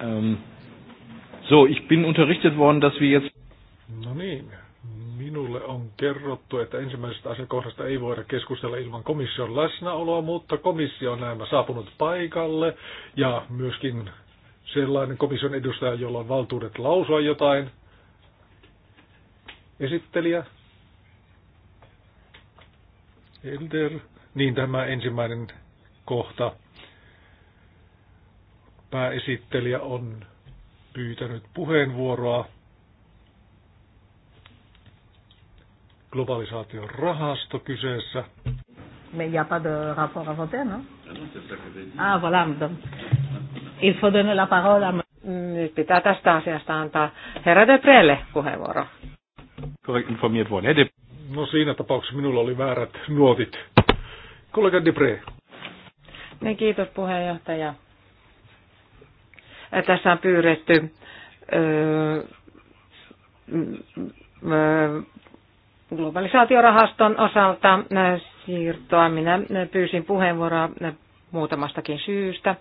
Ähm, so, ich bin unterrichtet worden, dass wir jetzt... No niin, minulle on kerrottu, että ensimmäisestä asiakohdasta ei voida keskustella ilman komission läsnäoloa, mutta komissio on näemmä saapunut paikalle ja myöskin sellainen komission edustaja, jolla on valtuudet lausua jotain. Esittelijä. Elder. Niin tämä ensimmäinen kohta pääesittelijä on pyytänyt puheenvuoroa globalisaation rahasto kyseessä. Mais il n'y a pas de rapport à voter, non Ah, ah voilà. Il faut donner la parole à... Nyt pitää tästä asiasta antaa herra Debrelle puheenvuoro. No siinä tapauksessa minulla oli väärät nuotit. Kollega Debre. Niin, kiitos puheenjohtaja. Tässä on pyydetty globalisaatiorahaston osalta siirtoa. Minä pyysin puheenvuoroa muutamastakin syystä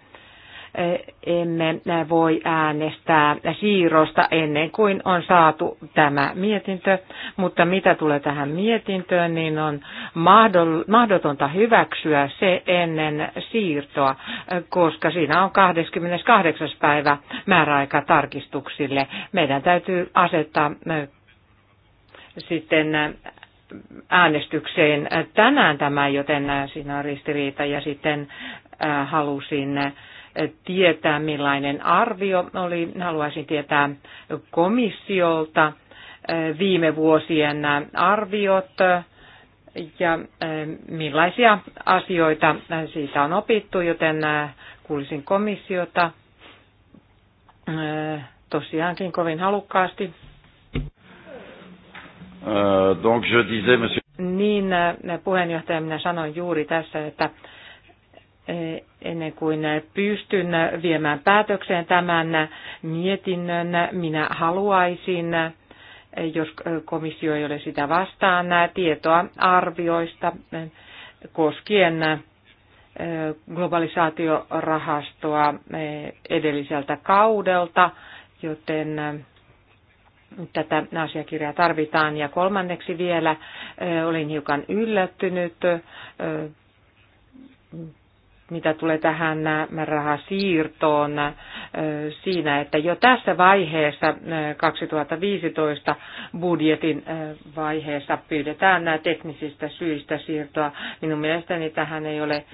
emme voi äänestää siirrosta ennen kuin on saatu tämä mietintö, mutta mitä tulee tähän mietintöön, niin on mahdotonta hyväksyä se ennen siirtoa, koska siinä on 28. päivä määräaika tarkistuksille. Meidän täytyy asettaa sitten äänestykseen tänään tämä, joten siinä on ristiriita ja sitten halusin tietää, millainen arvio oli. Haluaisin tietää komissiolta eh, viime vuosien arviot eh, ja eh, millaisia asioita siitä on opittu, joten kuulisin komissiota tosiaankin kovin halukkaasti. donc je disais, monsieur... Niin, puheenjohtaja, minä sanoin juuri tässä, että ennen kuin pystyn viemään päätökseen tämän mietinnön, minä haluaisin, jos komissio ei ole sitä vastaan, tietoa arvioista koskien globalisaatiorahastoa edelliseltä kaudelta, joten tätä asiakirjaa tarvitaan. Ja kolmanneksi vielä olin hiukan yllättynyt mitä tulee tähän äh, rahasiirtoon äh, siinä, että jo tässä vaiheessa 2015 äh, budjetin vaiheessa pyydetään nämä teknisistä syistä siirtoa. Minun mielestäni tähän ei ole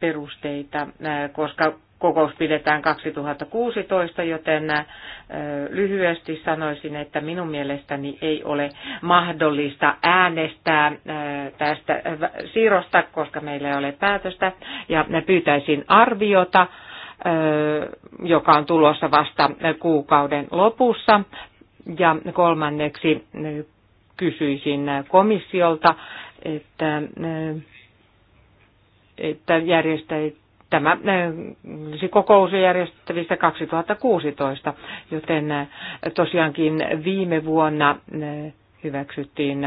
perusteita, koska kokous pidetään 2016, joten lyhyesti sanoisin, että minun mielestäni ei ole mahdollista äänestää tästä siirrosta, koska meillä ei ole päätöstä, ja pyytäisin arviota, joka on tulossa vasta kuukauden lopussa. Ja kolmanneksi kysyisin komissiolta, että, että järjestäjät Tämä kokous on järjestettävistä 2016, joten tosiaankin viime vuonna hyväksyttiin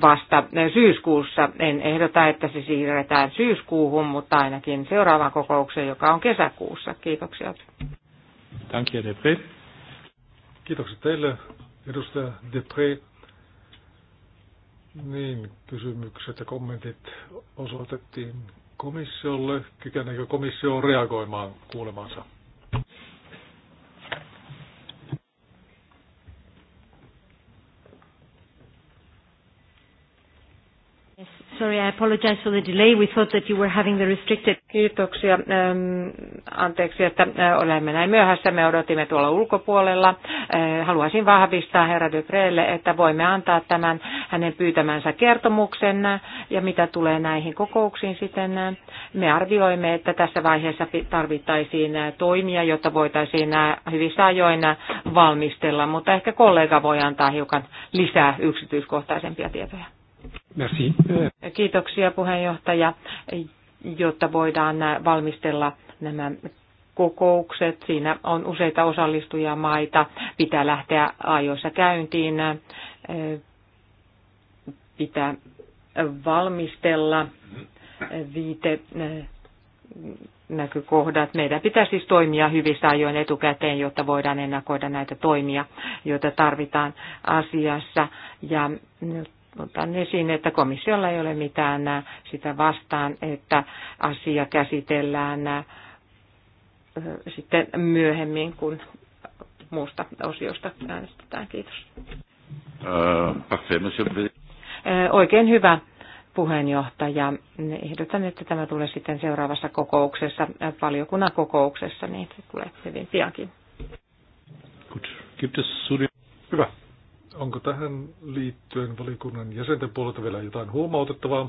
vasta syyskuussa. En ehdota, että se siirretään syyskuuhun, mutta ainakin seuraavaan kokoukseen, joka on kesäkuussa. Kiitoksia. Danke, Depre. Kiitokset teille, edustaja Depre. Niin, kysymykset ja kommentit osoitettiin komissiolle. Kykeneekö komissio reagoimaan kuulemansa? Sorry, I apologize for the delay. We thought that you were having the restricted. Kiitoksia. Anteeksi, että olemme näin myöhässä. Me odotimme tuolla ulkopuolella. Haluaisin vahvistaa herra Duprelle, että voimme antaa tämän hänen pyytämänsä kertomuksen ja mitä tulee näihin kokouksiin sitten. Me arvioimme, että tässä vaiheessa tarvittaisiin toimia, jotta voitaisiin hyvissä ajoin valmistella, mutta ehkä kollega voi antaa hiukan lisää yksityiskohtaisempia tietoja. Merci. Kiitoksia puheenjohtaja, jotta voidaan valmistella nämä kokoukset. Siinä on useita osallistujamaita. Pitää lähteä ajoissa käyntiin. Pitää valmistella viite näkökohdat. Meidän pitää siis toimia hyvissä ajoin etukäteen, jotta voidaan ennakoida näitä toimia, joita tarvitaan asiassa. Ja otan esiin, että komissiolla ei ole mitään sitä vastaan, että asia käsitellään sitten myöhemmin, kun muusta osiosta äänestetään. Kiitos. Oikein hyvä puheenjohtaja. Ehdotan, että tämä tulee sitten seuraavassa kokouksessa, valiokunnan kokouksessa, niin se tulee hyvin piankin. Hyvä. Onko tähän liittyen valikunnan jäsenten puolelta vielä jotain huomautettavaa?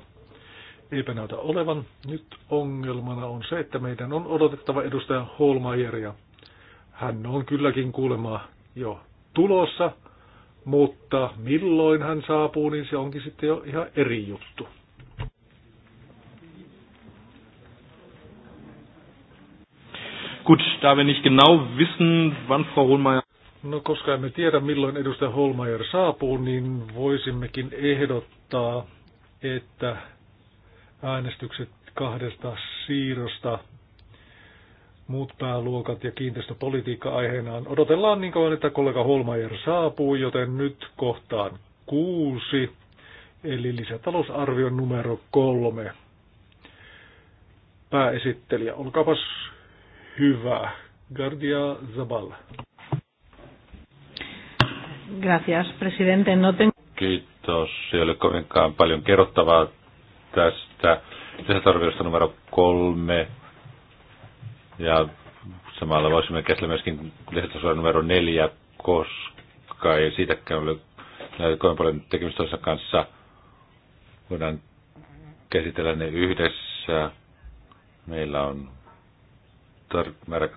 Eipä näytä olevan. Nyt ongelmana on se, että meidän on odotettava edustaja Holmajeria. Hän on kylläkin kuulemma jo tulossa, mutta milloin hän saapuu, niin se onkin sitten jo ihan eri juttu. Gut, da wir nicht genau wissen, wann Frau Hohlmeier No koska emme tiedä milloin edustaja Holmeier saapuu, niin voisimmekin ehdottaa, että äänestykset kahdesta siirrosta muut pääluokat ja kiinteistöpolitiikka aiheenaan odotellaan niin kauan, että kollega Holmajer saapuu, joten nyt kohtaan kuusi, eli lisätalousarvion numero kolme. Pääesittelijä, olkaapas hyvä. Gardia Zabal. Gracias, presidente. No ten... Kiitos. Ei ole kovinkaan paljon kerrottavaa tästä lisätarviosta numero kolme. Ja samalla voisimme käsitellä myöskin lisätalouden numero neljä, koska ei siitäkään ole kovin paljon tekemistä kanssa. Voidaan käsitellä ne yhdessä. Meillä on tar- määrä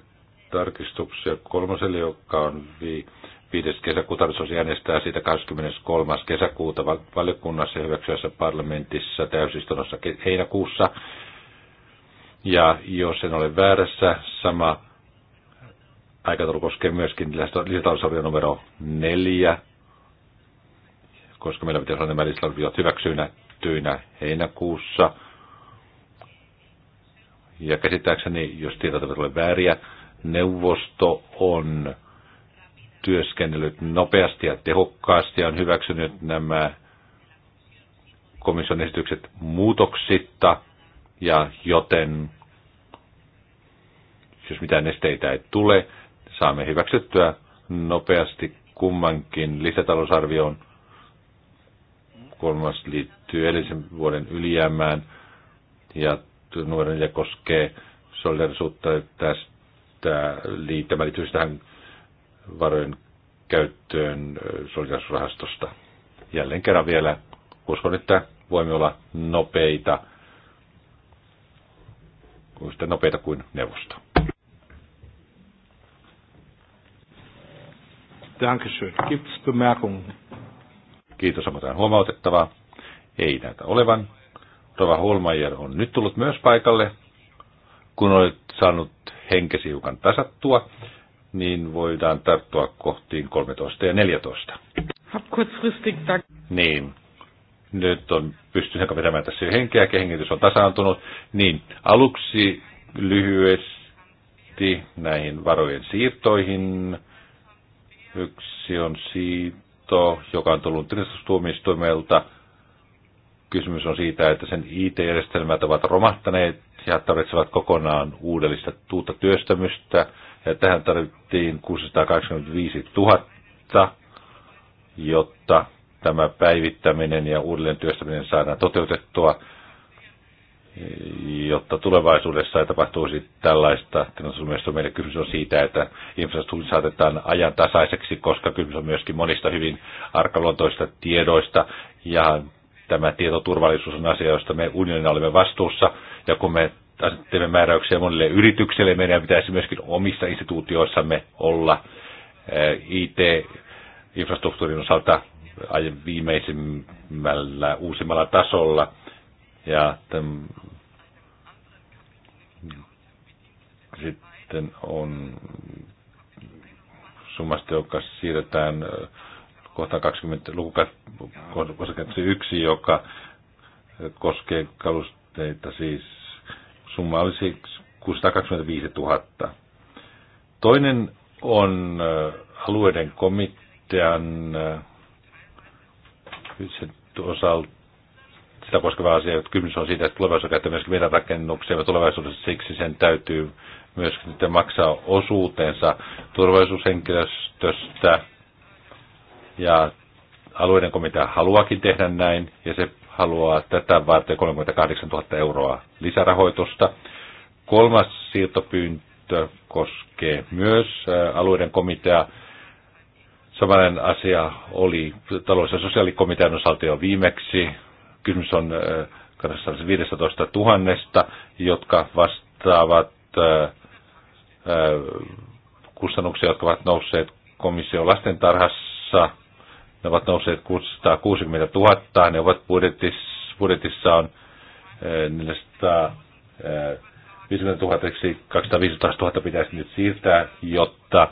tarkistuksia kolmoselle, joka on vi- 5. kesäkuuta tarkoitus äänestää siitä 23. kesäkuuta valiokunnassa ja hyväksyvässä parlamentissa täysistunnossa heinäkuussa. Ja jos en ole väärässä, sama aikataulu koskee myöskin lisätalousarvio numero 4, koska meillä pitäisi olla nämä lisätalousarviot hyväksyynä heinäkuussa. Ja käsittääkseni, jos tietoja eivät ole vääriä, neuvosto on työskennellyt nopeasti ja tehokkaasti ja on hyväksynyt nämä komission esitykset muutoksitta, ja joten jos mitään esteitä ei tule, saamme hyväksyttyä nopeasti kummankin lisätalousarvioon. Kolmas liittyy edellisen vuoden ylijäämään ja numero neljä koskee solidarisuutta tästä liittämä tähän varojen käyttöön solidaarisuusrahastosta. Jälleen kerran vielä uskon, että voimme olla nopeita, yhtä nopeita kuin neuvosto. Dankeschön. Gibt's Kiitos, on huomautettavaa. Ei näitä olevan. Rova Holmeier on nyt tullut myös paikalle, kun olet saanut henkesi hiukan tasattua niin voidaan tarttua kohtiin 13 ja 14. Niin. Nyt on pystynyt vetämään tässä henkeä, kehengitys on tasaantunut. Niin, aluksi lyhyesti näihin varojen siirtoihin. Yksi on siirto, joka on tullut tilastustuomioistuimelta kysymys on siitä, että sen IT-järjestelmät ovat romahtaneet ja tarvitsevat kokonaan uudellista tuutta työstämystä. Ja tähän tarvittiin 685 000, jotta tämä päivittäminen ja uudelleen työstäminen saadaan toteutettua, jotta tulevaisuudessa ei tapahtuisi tällaista. Mielestäni meidän kysymys on siitä, että infrastruktuuri saatetaan ajantasaiseksi, koska kysymys on myöskin monista hyvin arkaluontoista tiedoista ja Tämä tietoturvallisuus on asia, josta me unionina olemme vastuussa, ja kun me teemme määräyksiä monille yrityksille, meidän pitäisi myöskin omissa instituutioissamme olla eh, IT-infrastruktuurin osalta viimeisimmällä uusimmalla tasolla. Ja tämän, sitten on summasta, joka siirretään eh, kohta 20 luku yksi, joka koskee kalusteita, siis summa olisi 625 000. Toinen on äh, alueiden komitean äh, osalta sitä koskeva asia, että kysymys on siitä, että tulevaisuudessa käyttää myöskin meidän rakennuksia ja tulevaisuudessa siksi sen täytyy myöskin maksaa osuutensa turvallisuushenkilöstöstä ja alueiden komitea haluakin tehdä näin, ja se haluaa tätä varten 38 000 euroa lisärahoitusta. Kolmas siirtopyyntö koskee myös äh, alueiden komitea. Samainen asia oli talous- ja sosiaalikomitean osalta jo viimeksi. Kysymys on 15 äh, 000, jotka vastaavat äh, kustannuksia, jotka ovat nousseet komission lastentarhassa ne ovat nousseet 660 000, ne ovat budjetissa, budjetissa on 450 000, 215 000 pitäisi nyt siirtää, jotta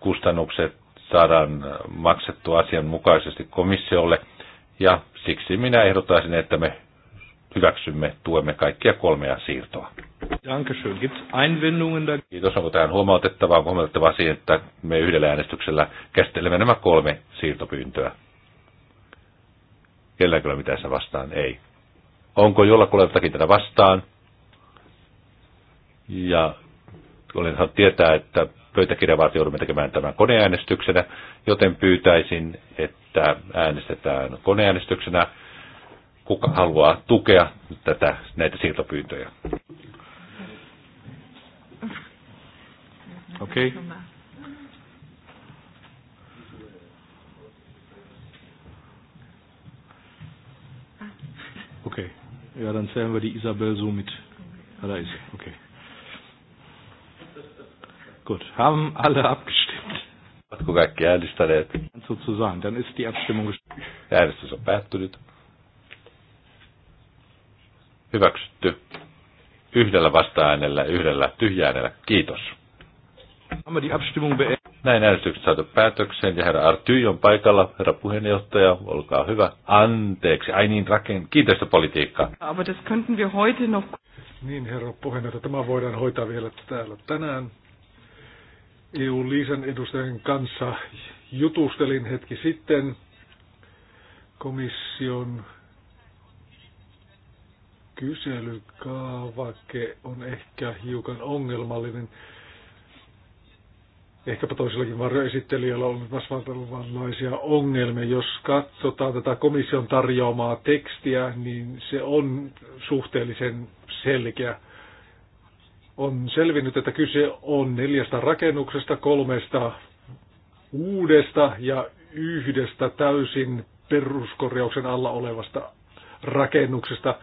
kustannukset saadaan maksettua asianmukaisesti komissiolle. Ja siksi minä ehdottaisin, että me hyväksymme, tuemme kaikkia kolmea siirtoa. Kiitos. Onko tähän huomautettavaa? Onko huomautettavaa siihen, että me yhdellä äänestyksellä käsittelemme nämä kolme siirtopyyntöä? Kelläkö ole mitään vastaan? Ei. Onko jollakulla jotakin tätä vastaan? Ja olen saanut tietää, että pöytäkirjavaat joudumme tekemään tämän koneäänestyksenä, joten pyytäisin, että äänestetään koneäänestyksenä kuka haluaa tukea tätä, näitä siirtopyyntöjä. Okei. Okay. Okay. Ja, dann zählen wir die Isabel so mit. Ah, da ist sie. Okay. Gut. Haben alle abgestimmt? Ovatko kaikki äänestäneet? Sozusagen. Dann ist die Abstimmung gestimmt. Äänestys on päättynyt. Hyväksytty. Yhdellä vasta-äänellä, yhdellä tyhjäänellä. Kiitos. Näin äänestykset saatu päätökseen ja herra Artyy on paikalla. Herra puheenjohtaja, olkaa hyvä. Anteeksi, ai niin raken, kiinteistöpolitiikka. Aber Niin herra puheenjohtaja, tämä voidaan hoitaa vielä täällä tänään. EU-liisan edustajien kanssa jutustelin hetki sitten komission kyselykaavake on ehkä hiukan ongelmallinen. Ehkäpä toisillakin varjoesittelijöillä on vastaavanlaisia ongelmia. Jos katsotaan tätä komission tarjoamaa tekstiä, niin se on suhteellisen selkeä. On selvinnyt, että kyse on neljästä rakennuksesta, kolmesta uudesta ja yhdestä täysin peruskorjauksen alla olevasta rakennuksesta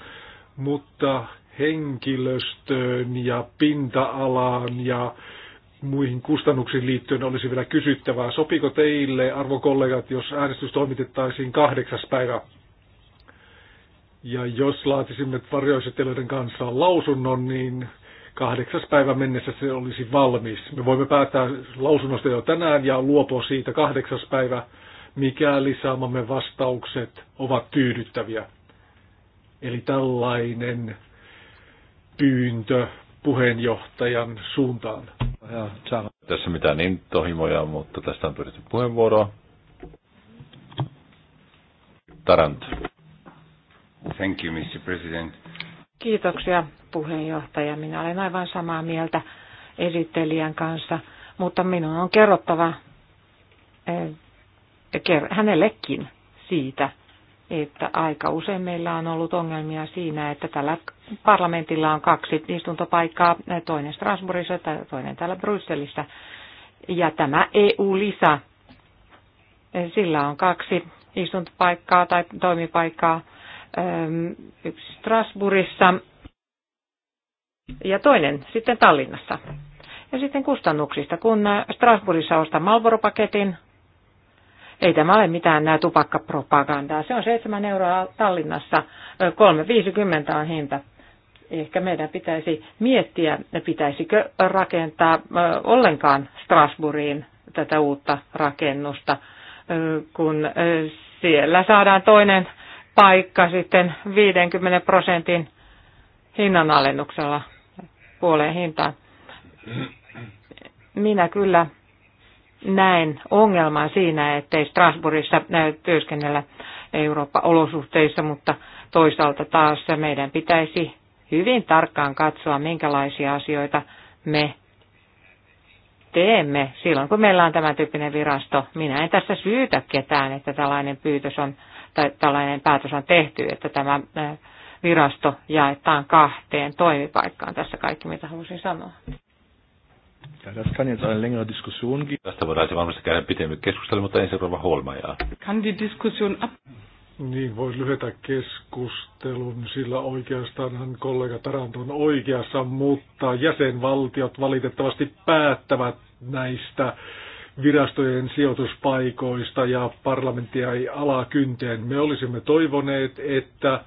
mutta henkilöstöön ja pinta-alaan ja muihin kustannuksiin liittyen olisi vielä kysyttävää. Sopiko teille, arvokollegat, jos äänestys toimitettaisiin kahdeksas päivä? Ja jos laatisimme varjoisetelöiden kanssa lausunnon, niin kahdeksas päivä mennessä se olisi valmis. Me voimme päättää lausunnosta jo tänään ja luopua siitä kahdeksas päivä, mikäli saamamme vastaukset ovat tyydyttäviä. Eli tällainen pyyntö puheenjohtajan suuntaan. Tässä mitään niin tohimoja, mutta tästä on pyritty puheenvuoroa. Tarant. Thank you, Mr. President. Kiitoksia puheenjohtaja. Minä olen aivan samaa mieltä esittelijän kanssa, mutta minun on kerrottava eh, hänellekin siitä, että aika usein meillä on ollut ongelmia siinä, että tällä parlamentilla on kaksi istuntopaikkaa, toinen Strasbourgissa ja toinen täällä Brysselissä. Ja tämä EU-lisä, sillä on kaksi istuntopaikkaa tai toimipaikkaa, ähm, yksi Strasbourgissa ja toinen sitten Tallinnassa. Ja sitten kustannuksista. Kun Strasbourgissa ostaa Malboro-paketin, ei tämä ole mitään nämä tupakkapropagandaa. Se on 7 euroa Tallinnassa, 3,50 on hinta. Ehkä meidän pitäisi miettiä, pitäisikö rakentaa ollenkaan Strasbourgiin tätä uutta rakennusta, kun siellä saadaan toinen paikka sitten 50 prosentin hinnanalennuksella puoleen hintaan. Minä kyllä näen ongelman siinä, ettei Strasbourgissa työskennellä Eurooppa-olosuhteissa, mutta toisaalta taas meidän pitäisi hyvin tarkkaan katsoa, minkälaisia asioita me teemme silloin, kun meillä on tämä tyyppinen virasto. Minä en tässä syytä ketään, että tällainen pyytös on, tai tällainen päätös on tehty, että tämä virasto jaetaan kahteen toimipaikkaan. Tässä kaikki, mitä halusin sanoa. Ja, das kann jetzt eine längere Diskussion geben. Tästä voitaisiin varmasti käydä pitemmin keskustelua, mutta ensin Rova Holmaja. Kann die Diskussion ab... Niin, voisi lyhetä keskustelun, sillä oikeastaanhan kollega Taranto on oikeassa, mutta jäsenvaltiot valitettavasti päättävät näistä virastojen sijoituspaikoista ja parlamenttia ei alakynteen. Me olisimme toivoneet, että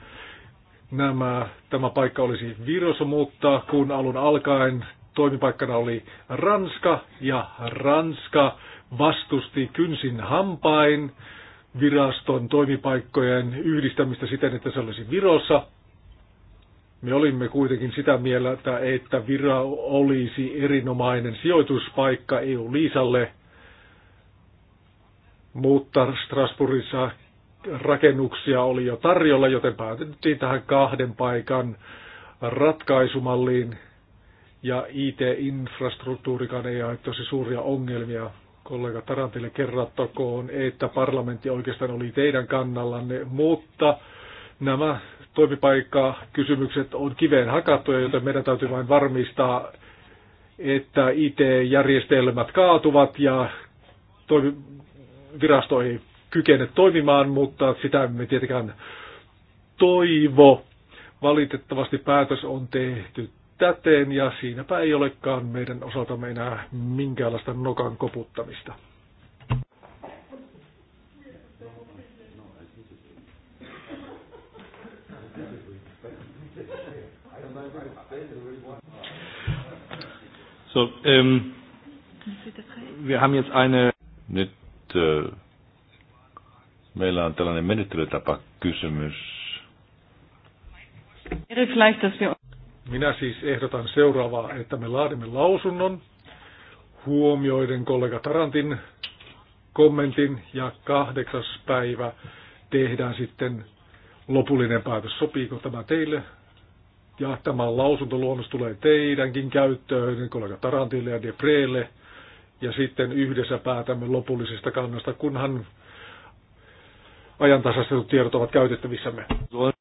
nämä, tämä paikka olisi Virossa, mutta kun alun alkaen toimipaikkana oli Ranska, ja Ranska vastusti kynsin hampain viraston toimipaikkojen yhdistämistä siten, että se olisi Virossa. Me olimme kuitenkin sitä mieltä, että Vira olisi erinomainen sijoituspaikka EU-liisalle, mutta Strasbourgissa rakennuksia oli jo tarjolla, joten päätettiin tähän kahden paikan ratkaisumalliin ja IT-infrastruktuurikaan ei tosi suuria ongelmia. Kollega Tarantille kerrattakoon, että parlamentti oikeastaan oli teidän kannallanne, mutta nämä toimipaikkakysymykset on kiveen hakattuja, joten meidän täytyy vain varmistaa, että IT-järjestelmät kaatuvat ja toimi, virasto ei kykene toimimaan, mutta sitä emme tietenkään toivo. Valitettavasti päätös on tehty täteen ja siinäpä ei olekaan meidän osalta enää minkäänlaista nokan koputtamista. So, ähm, wir haben jetzt eine... Nyt äh, meillä on tällainen menettelytapa kysymys. Minä siis ehdotan seuraavaa, että me laadimme lausunnon huomioiden kollega Tarantin kommentin ja kahdeksas päivä tehdään sitten lopullinen päätös. Sopiiko tämä teille? Ja tämä lausuntoluonnos tulee teidänkin käyttöön, kollega Tarantille ja Debrelle. Ja sitten yhdessä päätämme lopullisesta kannasta, kunhan ajantasaiset tiedot ovat käytettävissämme.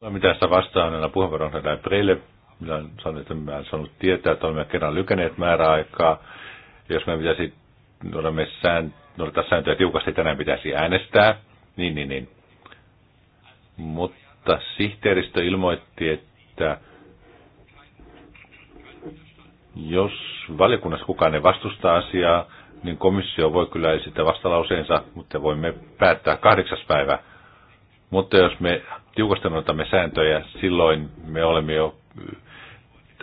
Mitä sitä vastaan näillä niin puheenvuoron Debrelle minä sanon, että minä en saanut tietää, että olemme kerran lykäneet määräaikaa. Jos me pitäisi, olemme sään, noita sääntöjä tiukasti, tänään pitäisi äänestää. Niin, niin, niin. Mutta sihteeristö ilmoitti, että jos valiokunnassa kukaan ei vastusta asiaa, niin komissio voi kyllä esittää vastalauseensa, mutta voimme päättää kahdeksas päivä. Mutta jos me tiukasti sääntöjä, silloin me olemme jo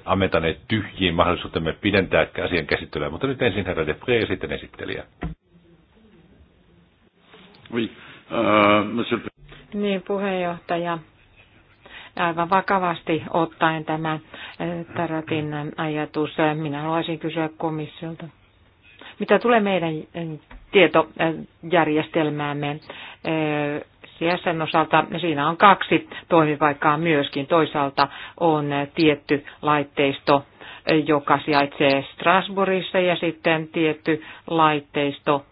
ammentaneet tyhjiin mahdollisuutemme pidentää asian käsittelyä, mutta nyt ensin herra Depre ja sitten esittelijä. Oui. Uh, Niin, puheenjohtaja. Aivan vakavasti ottaen tämä äh, Taratin ajatus, minä haluaisin kysyä komissiolta. Mitä tulee meidän äh, tietojärjestelmäämme, äh, ETSn osalta siinä on kaksi toimipaikkaa myöskin. Toisaalta on tietty laitteisto, joka sijaitsee Strasbourgissa ja sitten tietty laitteisto,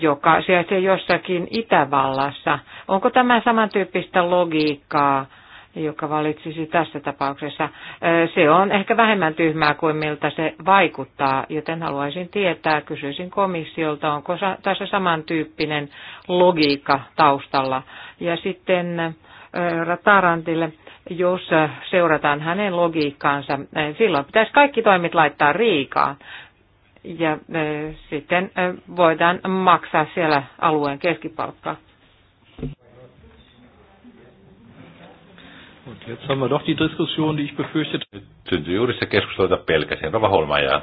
joka sijaitsee jossakin Itävallassa. Onko tämä samantyyppistä logiikkaa joka valitsisi tässä tapauksessa. Se on ehkä vähemmän tyhmää kuin miltä se vaikuttaa, joten haluaisin tietää, kysyisin komissiolta, onko tässä samantyyppinen logiikka taustalla. Ja sitten Ratarantille, jos seurataan hänen logiikkaansa, silloin pitäisi kaikki toimit laittaa riikaan. Ja sitten voidaan maksaa siellä alueen keskipalkkaa. Und jetzt haben wir doch die Diskussion, die ich befürchtet Nyt juuri se keskustelu, jota pelkäsin. Rova Holmaja.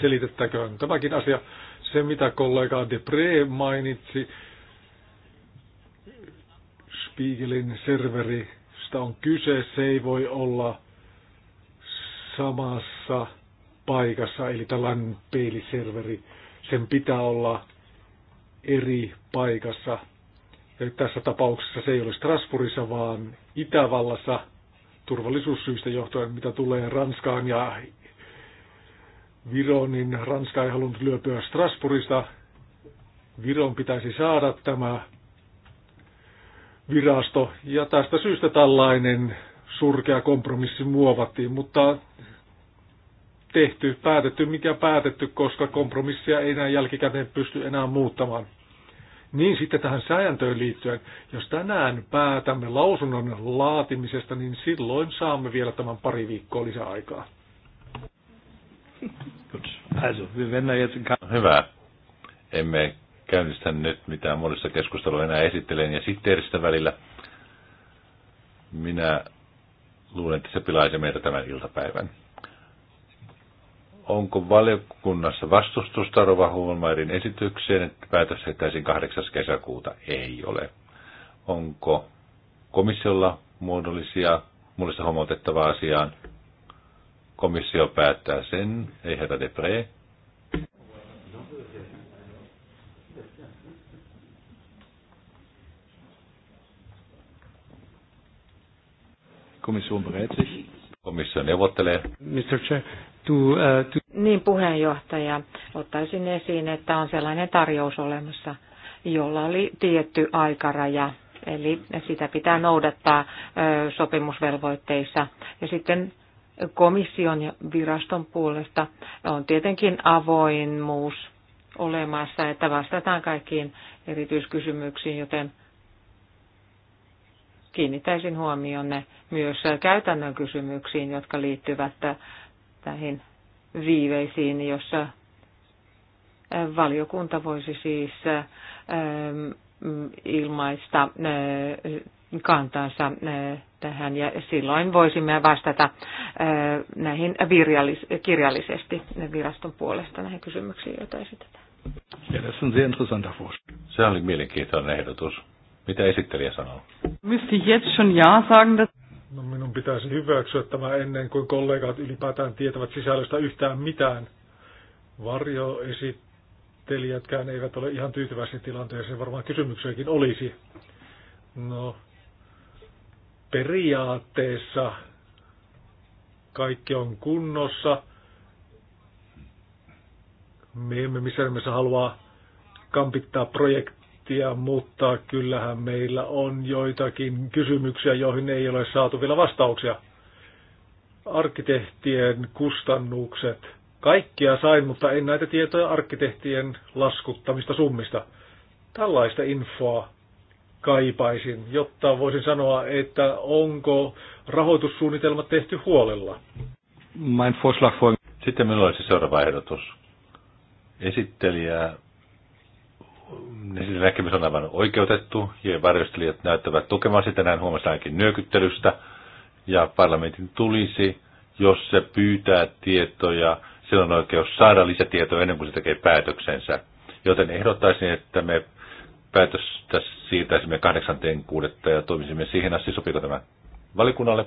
Selitettäköön tämäkin asia. Se, mitä kollega Depre mainitsi, Spiegelin sitä on kyse. Se ei voi olla samassa paikassa, eli tällainen peiliserveri. Sen pitää olla eri paikassa Eli tässä tapauksessa se ei ole Strasbourgissa, vaan Itävallassa turvallisuussyistä johtuen, mitä tulee Ranskaan ja Viroon, niin Ranska ei halunnut lyöpyä Strasbourgista. Viron pitäisi saada tämä virasto, ja tästä syystä tällainen surkea kompromissi muovattiin, mutta tehty, päätetty, mikä päätetty, koska kompromissia ei enää jälkikäteen pysty enää muuttamaan. Niin sitten tähän sääntöön liittyen, jos tänään päätämme lausunnon laatimisesta, niin silloin saamme vielä tämän pari viikkoa lisäaikaa. Hyvä. Emme käynnistä nyt mitään muodollista keskustelua enää esittelen ja sitteeristä välillä. Minä luulen, että se pilaisi meitä tämän iltapäivän. Onko valiokunnassa vastustusta Rova Huomairin esitykseen, että päätös heittäisiin 8. kesäkuuta? Ei ole. Onko komissiolla muodollisia, muodollista huomautettavaa asiaan? Komissio päättää sen, ei herra Depre. Kommission berät sich. Komissio neuvottelee. Mr. Chair, to, uh, to... Niin puheenjohtaja, ottaisin esiin, että on sellainen tarjous olemassa, jolla oli tietty aikaraja, eli sitä pitää noudattaa sopimusvelvoitteissa. Ja sitten komission ja viraston puolesta on tietenkin avoimuus olemassa, että vastataan kaikkiin erityiskysymyksiin, joten kiinnittäisin huomionne myös käytännön kysymyksiin, jotka liittyvät näihin viiveisiin, jossa valiokunta voisi siis ilmaista kantansa tähän ja silloin voisimme vastata näihin kirjallisesti viraston puolesta näihin kysymyksiin, joita esitetään. on Se oli mielenkiintoinen ehdotus. Mitä esittelijä sanoo? Müsste jetzt schon ja sagen, dass minun pitäisi hyväksyä tämä ennen kuin kollegat ylipäätään tietävät sisällöstä yhtään mitään. Varjoesittelijätkään eivät ole ihan tyytyväisiä tilanteeseen, varmaan kysymyksiäkin olisi. No, periaatteessa kaikki on kunnossa. Me emme missään nimessä halua kampittaa projektia budjettia, mutta kyllähän meillä on joitakin kysymyksiä, joihin ei ole saatu vielä vastauksia. Arkkitehtien kustannukset. Kaikkia sain, mutta en näitä tietoja arkkitehtien laskuttamista summista. Tällaista infoa kaipaisin, jotta voisin sanoa, että onko rahoitussuunnitelma tehty huolella. Sitten minulla olisi seuraava ehdotus. Esittelijä niin näkemys on aivan oikeutettu ja varjostelijat näyttävät tukemaan sitä näin huomasaankin nyökyttelystä. Ja parlamentin tulisi, jos se pyytää tietoja, sillä on oikeus saada lisätietoja ennen kuin se tekee päätöksensä. Joten ehdottaisin, että me päätöstä siirtäisimme 8.6. ja toimisimme siihen asti. sopiko tämä valikunnalle?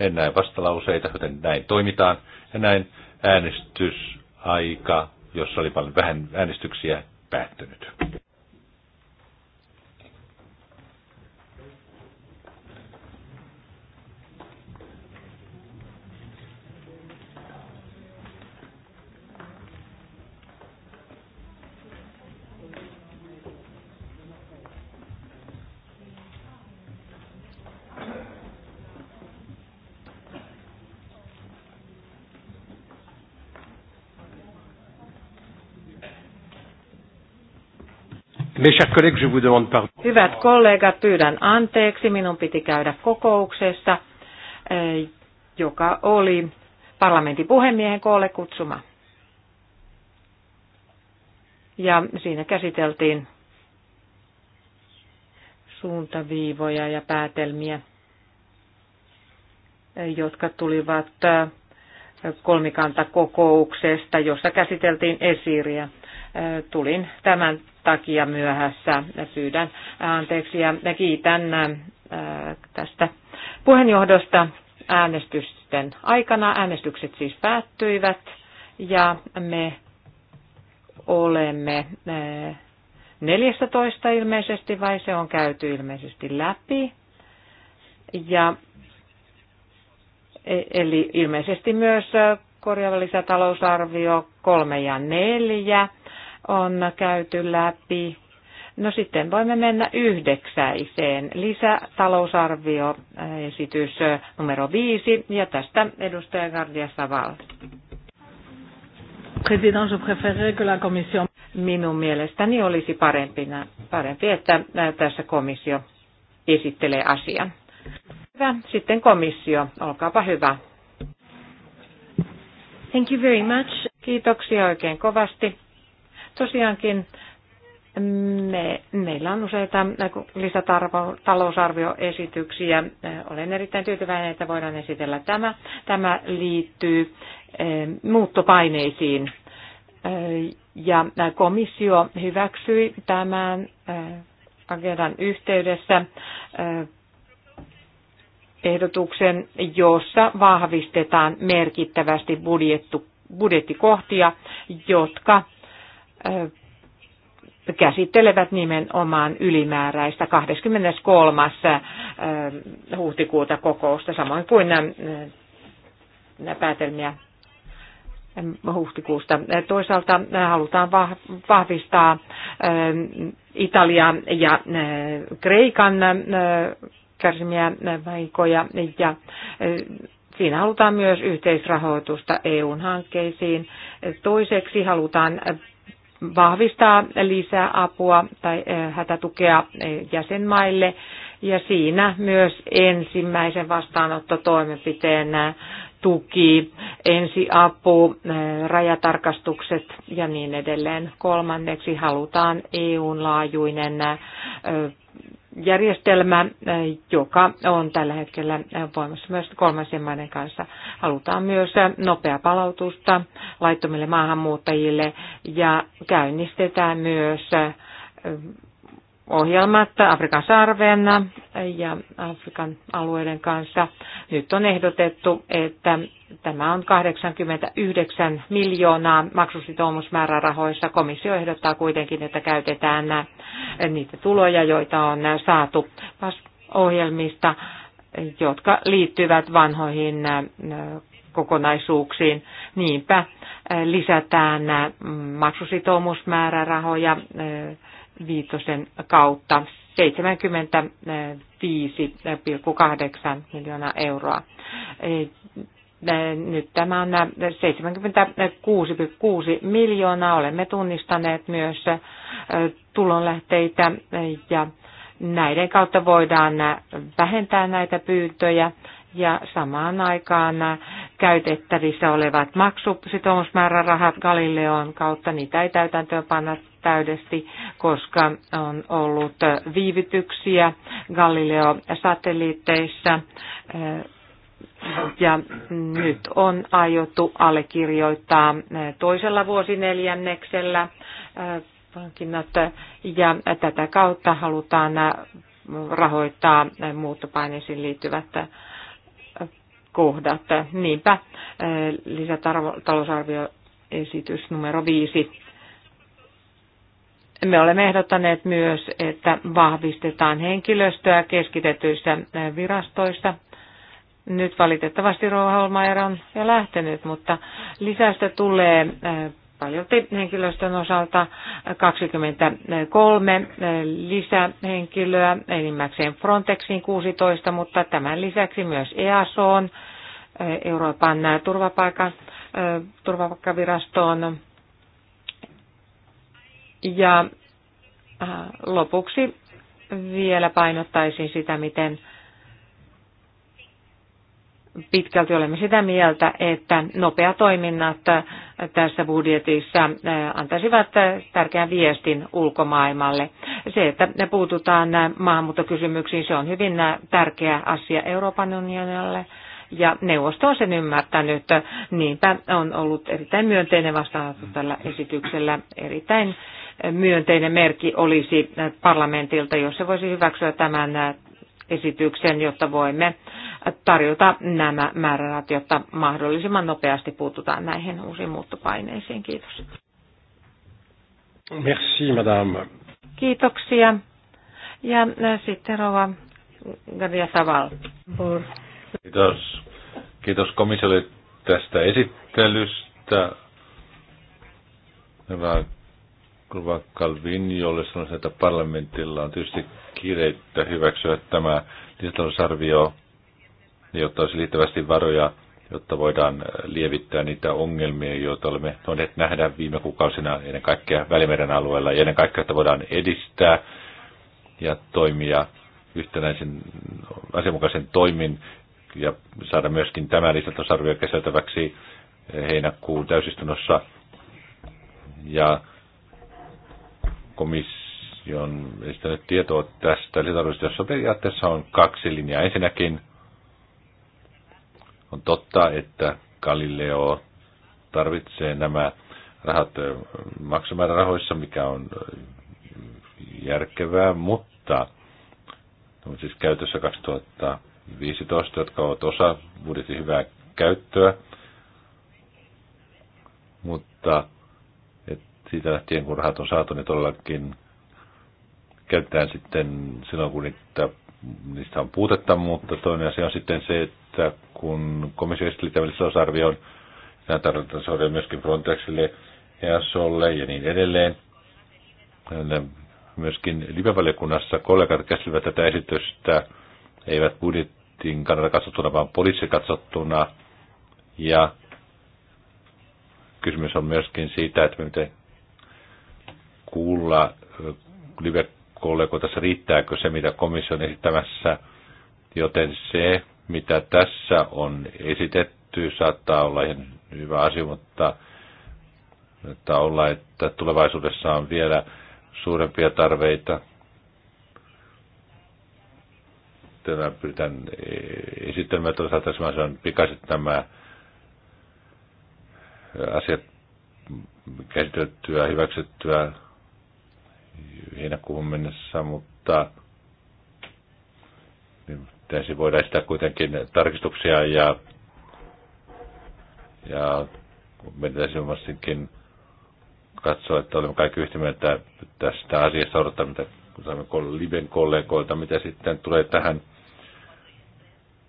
En näe vastalauseita, joten näin toimitaan. Ja näin äänestysaika, jossa oli paljon vähän äänestyksiä, päättynyt. Mes chers collègues, je vous demande pardon. Hyvät kollegat, pyydän anteeksi. Minun piti käydä kokouksessa, eh, joka oli parlamentin puhemiehen koolle kutsuma. Ja siinä käsiteltiin suuntaviivoja ja päätelmiä, eh, jotka tulivat eh, kolmikantakokouksesta, jossa käsiteltiin esiiriä. Tulin tämän takia myöhässä. Pyydän anteeksi ja kiitän tästä puheenjohdosta äänestysten aikana. Äänestykset siis päättyivät ja me olemme 14 ilmeisesti vai se on käyty ilmeisesti läpi. Ja, e, eli ilmeisesti myös korjaava lisätalousarvio 3 ja 4 on käyty läpi. No sitten voimme mennä yhdeksäiseen. Lisätalousarvioesitys numero viisi ja tästä edustaja Gardia Saval. Président, je préférerais que la commission... Minun mielestäni olisi parempina, parempi, että tässä komissio esittelee asian. Hyvä. Sitten komissio, olkaapa hyvä. Thank you very much. Kiitoksia oikein kovasti. Tosiaankin me, meillä on useita lisätalousarvioesityksiä. Olen erittäin tyytyväinen, että voidaan esitellä tämä. Tämä liittyy eh, muuttopaineisiin. Eh, ja komissio hyväksyi tämän eh, agendan yhteydessä ehdotuksen, jossa vahvistetaan merkittävästi budjettikohtia, jotka käsittelevät nimenomaan ylimääräistä 23. huhtikuuta kokousta, samoin kuin nämä päätelmiä huhtikuusta. Toisaalta halutaan vahvistaa Italia ja Kreikan kärsimiä vaikoja ja Siinä halutaan myös yhteisrahoitusta EUn hankkeisiin. Toiseksi halutaan vahvistaa lisää apua tai eh, hätätukea eh, jäsenmaille ja siinä myös ensimmäisen vastaanottotoimenpiteen eh, tuki, ensiapu, rajatarkastukset ja niin edelleen. Kolmanneksi halutaan EUn laajuinen järjestelmä, eh, joka on tällä hetkellä eh, voimassa myös kolmansien maiden kanssa. Halutaan myös eh, nopea palautusta laittomille maahanmuuttajille ja käynnistetään myös ohjelmat Afrikan sarven ja Afrikan alueiden kanssa. Nyt on ehdotettu, että tämä on 89 miljoonaa maksusitoumusmäärärahoissa. Komissio ehdottaa kuitenkin, että käytetään niitä tuloja, joita on saatu ohjelmista, jotka liittyvät vanhoihin kokonaisuuksiin. Niinpä lisätään maksusitoumusmäärärahoja viitosen kautta 75,8 miljoonaa euroa. Nyt tämä on 76,6 miljoonaa. Olemme tunnistaneet myös tulonlähteitä ja näiden kautta voidaan vähentää näitä pyyntöjä ja samaan aikaan käytettävissä olevat maksusitoumusmäärärahat Galileon kautta, niitä ei täytäntöön panna täydesti, koska on ollut viivytyksiä Galileo-satelliitteissa ja nyt on aiottu allekirjoittaa toisella vuosineljänneksellä hankinnat ja tätä kautta halutaan rahoittaa muuttopaineisiin liittyvät kohdat. Niinpä eh, lisätalousarvioesitys numero viisi. Me olemme ehdottaneet myös, että vahvistetaan henkilöstöä keskitetyissä eh, virastoissa. Nyt valitettavasti Rova Holmaier on jo lähtenyt, mutta lisäystä tulee eh, paljolti henkilöstön osalta 23 lisähenkilöä, enimmäkseen Frontexin 16, mutta tämän lisäksi myös EASOon, Euroopan turvapaikan, turvapaikkavirastoon. Ja äh, lopuksi vielä painottaisin sitä, miten pitkälti olemme sitä mieltä, että nopea toiminnat tässä budjetissa antaisivat tärkeän viestin ulkomaailmalle. Se, että ne puututaan maahanmuuttokysymyksiin, se on hyvin tärkeä asia Euroopan unionille. Ja neuvosto on sen ymmärtänyt, niinpä on ollut erittäin myönteinen vastaanotto tällä esityksellä. Erittäin myönteinen merkki olisi parlamentilta, jos se voisi hyväksyä tämän esityksen, jotta voimme tarjota nämä määrärahat, jotta mahdollisimman nopeasti puututaan näihin uusiin muuttopaineisiin. Kiitos. Merci, madame. Kiitoksia. Ja sitten Rova Gadia Saval. Kiitos. Kiitos komissiolle tästä esittelystä. Hyvä Kulva Calviniolle sanoisin, että parlamentilla on tietysti kiireettä hyväksyä tämä lisätalousarvio jotta olisi liittävästi varoja, jotta voidaan lievittää niitä ongelmia, joita olemme voineet nähdä viime kuukausina ennen kaikkea Välimeren alueella ja ennen kaikkea, että voidaan edistää ja toimia yhtenäisen asianmukaisen toimin ja saada myöskin tämä lisätalousarvio käsiteltäväksi heinäkuun täysistunnossa. Ja komissio on esittänyt tietoa tästä lisätalousarviosta, jossa periaatteessa on kaksi linjaa. Ensinnäkin on totta, että Galileo tarvitsee nämä rahat rahoissa, mikä on järkevää, mutta on siis käytössä 2015, jotka ovat osa budjetin hyvää käyttöä, mutta et siitä lähtien, kun rahat on saatu, niin todellakin käytetään sitten silloin, kun niitä, niistä on puutetta, mutta toinen asia on sitten se, että että kun komissio esitteli tämän lisätalousarvion, nämä tarvitaan suoraan myöskin Frontexille, EASOlle ja niin edelleen. Myöskin live-valiokunnassa kollegat käsittelivät tätä esitystä, eivät budjettiin kannalta katsottuna, vaan poliisi katsottuna. Ja kysymys on myöskin siitä, että miten kuulla live-kollegoita, riittääkö se, mitä komissio on esittämässä, joten se mitä tässä on esitetty, saattaa olla ihan hyvä asia, mutta saattaa olla, että tulevaisuudessa on vielä suurempia tarveita. Tämä pyritään esittelemään, että saataisiin pikaisesti nämä asiat käsiteltyä, hyväksyttyä heinäkuuhun mennessä, mutta ensin voidaan esittää kuitenkin tarkistuksia ja, ja pitäisi katsoa, että olemme kaikki yhtä mieltä tästä asiasta odottaa, mitä saamme Liben kollegoilta, mitä sitten tulee tähän,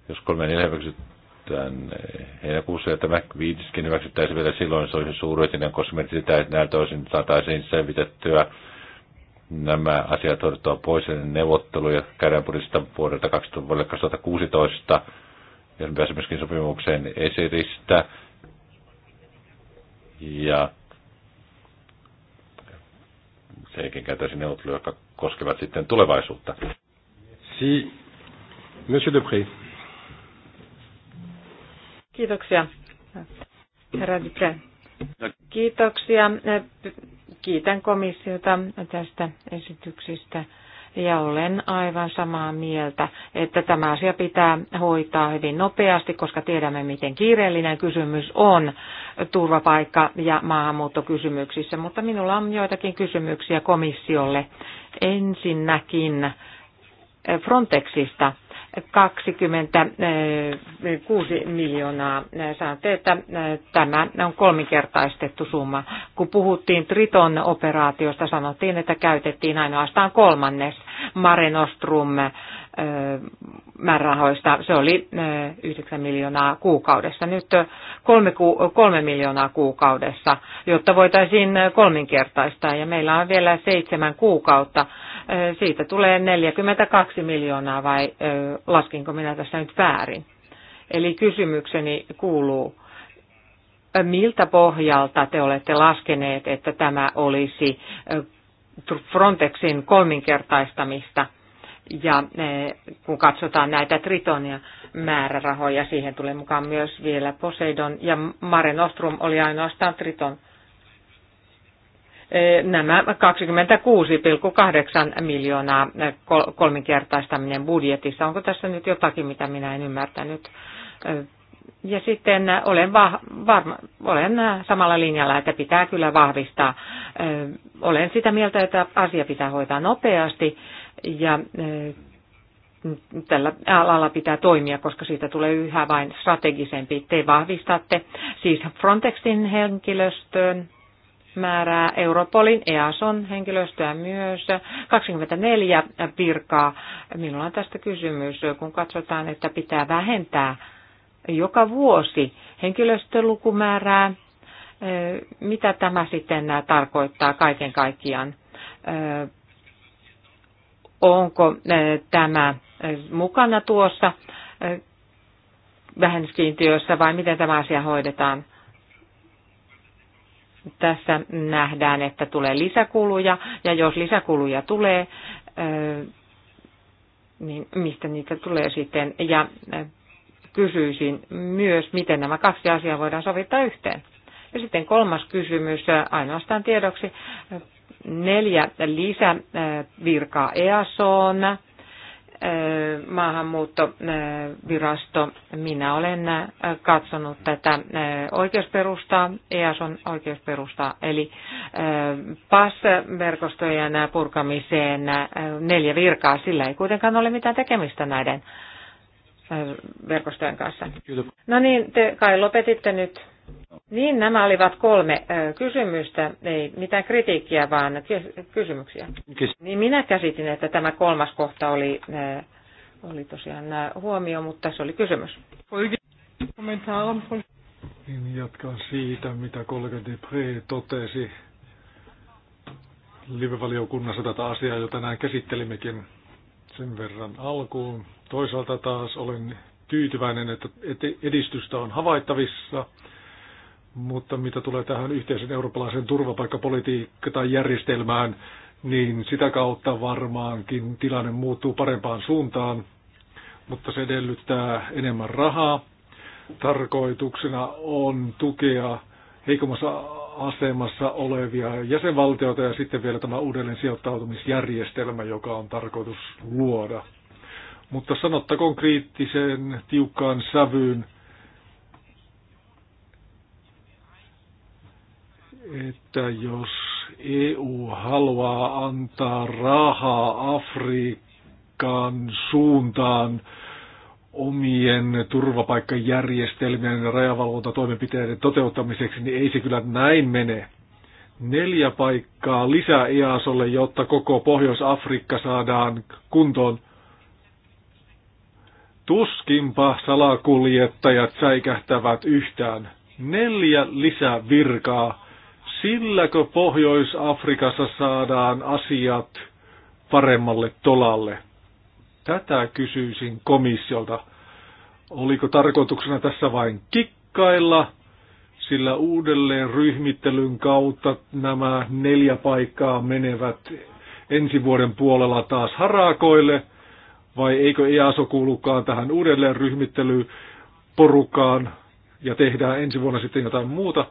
jos kolme neljä hyväksytään eh, heinäkuussa ja tämä viideskin hyväksyttäisiin vielä silloin, se olisi suuruutinen, koska merkitsi sitä, että näiltä olisi saataisiin selvitettyä nämä asiat otettua pois ennen neuvotteluja käydään budjetista vuodelta 2016 ja pääsi myöskin sopimukseen esiristä. Ja seikin käytäisi neuvotteluja, jotka koskevat sitten tulevaisuutta. Si, Monsieur Dupré. Kiitoksia, herra Dupré. Kiitoksia. Kiitän komissiota tästä esityksestä ja olen aivan samaa mieltä, että tämä asia pitää hoitaa hyvin nopeasti, koska tiedämme, miten kiireellinen kysymys on turvapaikka- ja maahanmuuttokysymyksissä. Mutta minulla on joitakin kysymyksiä komissiolle. Ensinnäkin Frontexista. 26 miljoonaa. Sanotte, että tämä on kolminkertaistettu summa. Kun puhuttiin Triton operaatiosta, sanottiin, että käytettiin ainoastaan kolmannes Mare Nostrum määrärahoista. Se oli 9 miljoonaa kuukaudessa. Nyt 3, 3 miljoonaa kuukaudessa, jotta voitaisiin kolminkertaistaa. Ja meillä on vielä seitsemän kuukautta siitä tulee 42 miljoonaa vai laskinko minä tässä nyt väärin? Eli kysymykseni kuuluu, miltä pohjalta te olette laskeneet, että tämä olisi Frontexin kolminkertaistamista? Ja kun katsotaan näitä Tritonia määrärahoja, siihen tulee mukaan myös vielä Poseidon ja Mare Nostrum oli ainoastaan Triton Eh, nämä 26,8 miljoonaa eh, kolminkertaistaminen budjetissa. Onko tässä nyt jotakin, mitä minä en ymmärtänyt? Eh, ja sitten olen, va- varma, olen samalla linjalla, että pitää kyllä vahvistaa. Olen sitä mieltä, että asia pitää hoitaa nopeasti ja tällä alalla pitää toimia, koska siitä tulee yhä vain strategisempi. Te vahvistatte siis Frontexin henkilöstöön määrää Europolin EASON henkilöstöä myös 24 virkaa. Minulla on tästä kysymys, kun katsotaan, että pitää vähentää joka vuosi henkilöstölukumäärää. Mitä tämä sitten tarkoittaa kaiken kaikkiaan? Onko tämä mukana tuossa vähennyskiintiössä vai miten tämä asia hoidetaan? Tässä nähdään, että tulee lisäkuluja, ja jos lisäkuluja tulee, niin mistä niitä tulee sitten, ja kysyisin myös, miten nämä kaksi asiaa voidaan sovittaa yhteen. Ja sitten kolmas kysymys, ainoastaan tiedoksi, neljä lisävirkaa EASOon, maahanmuuttovirasto. Minä olen katsonut tätä oikeusperustaa, EASON oikeusperustaa, eli PAS-verkostojen purkamiseen neljä virkaa. Sillä ei kuitenkaan ole mitään tekemistä näiden verkostojen kanssa. No niin, te kai lopetitte nyt. Niin, nämä olivat kolme kysymystä, ei mitään kritiikkiä, vaan kysymyksiä. Niin minä käsitin, että tämä kolmas kohta oli, oli tosiaan huomio, mutta se oli kysymys. Niin jatkan siitä, mitä kollega Depre totesi. Live-valiokunnassa tätä asiaa jota tänään käsittelimmekin sen verran alkuun. Toisaalta taas olen tyytyväinen, että edistystä on havaittavissa – mutta mitä tulee tähän yhteisen eurooppalaisen turvapaikkapolitiikkaan tai järjestelmään, niin sitä kautta varmaankin tilanne muuttuu parempaan suuntaan, mutta se edellyttää enemmän rahaa. Tarkoituksena on tukea heikommassa asemassa olevia jäsenvaltioita ja sitten vielä tämä uudelleen sijoittautumisjärjestelmä, joka on tarkoitus luoda. Mutta sanottakoon kriittisen tiukkaan sävyyn, että jos EU haluaa antaa rahaa Afrikan suuntaan omien turvapaikkajärjestelmien ja rajavalvontatoimenpiteiden toteuttamiseksi, niin ei se kyllä näin mene. Neljä paikkaa lisää EASolle, jotta koko Pohjois-Afrikka saadaan kuntoon. Tuskinpa salakuljettajat säikähtävät yhtään. Neljä lisää virkaa Silläkö Pohjois-Afrikassa saadaan asiat paremmalle tolalle? Tätä kysyisin komissiolta. Oliko tarkoituksena tässä vain kikkailla, sillä uudelleen ryhmittelyn kautta nämä neljä paikkaa menevät ensi vuoden puolella taas harakoille, vai eikö EASO kuulukaan tähän uudelleen ryhmittelyporukkaan ja tehdään ensi vuonna sitten jotain muuta?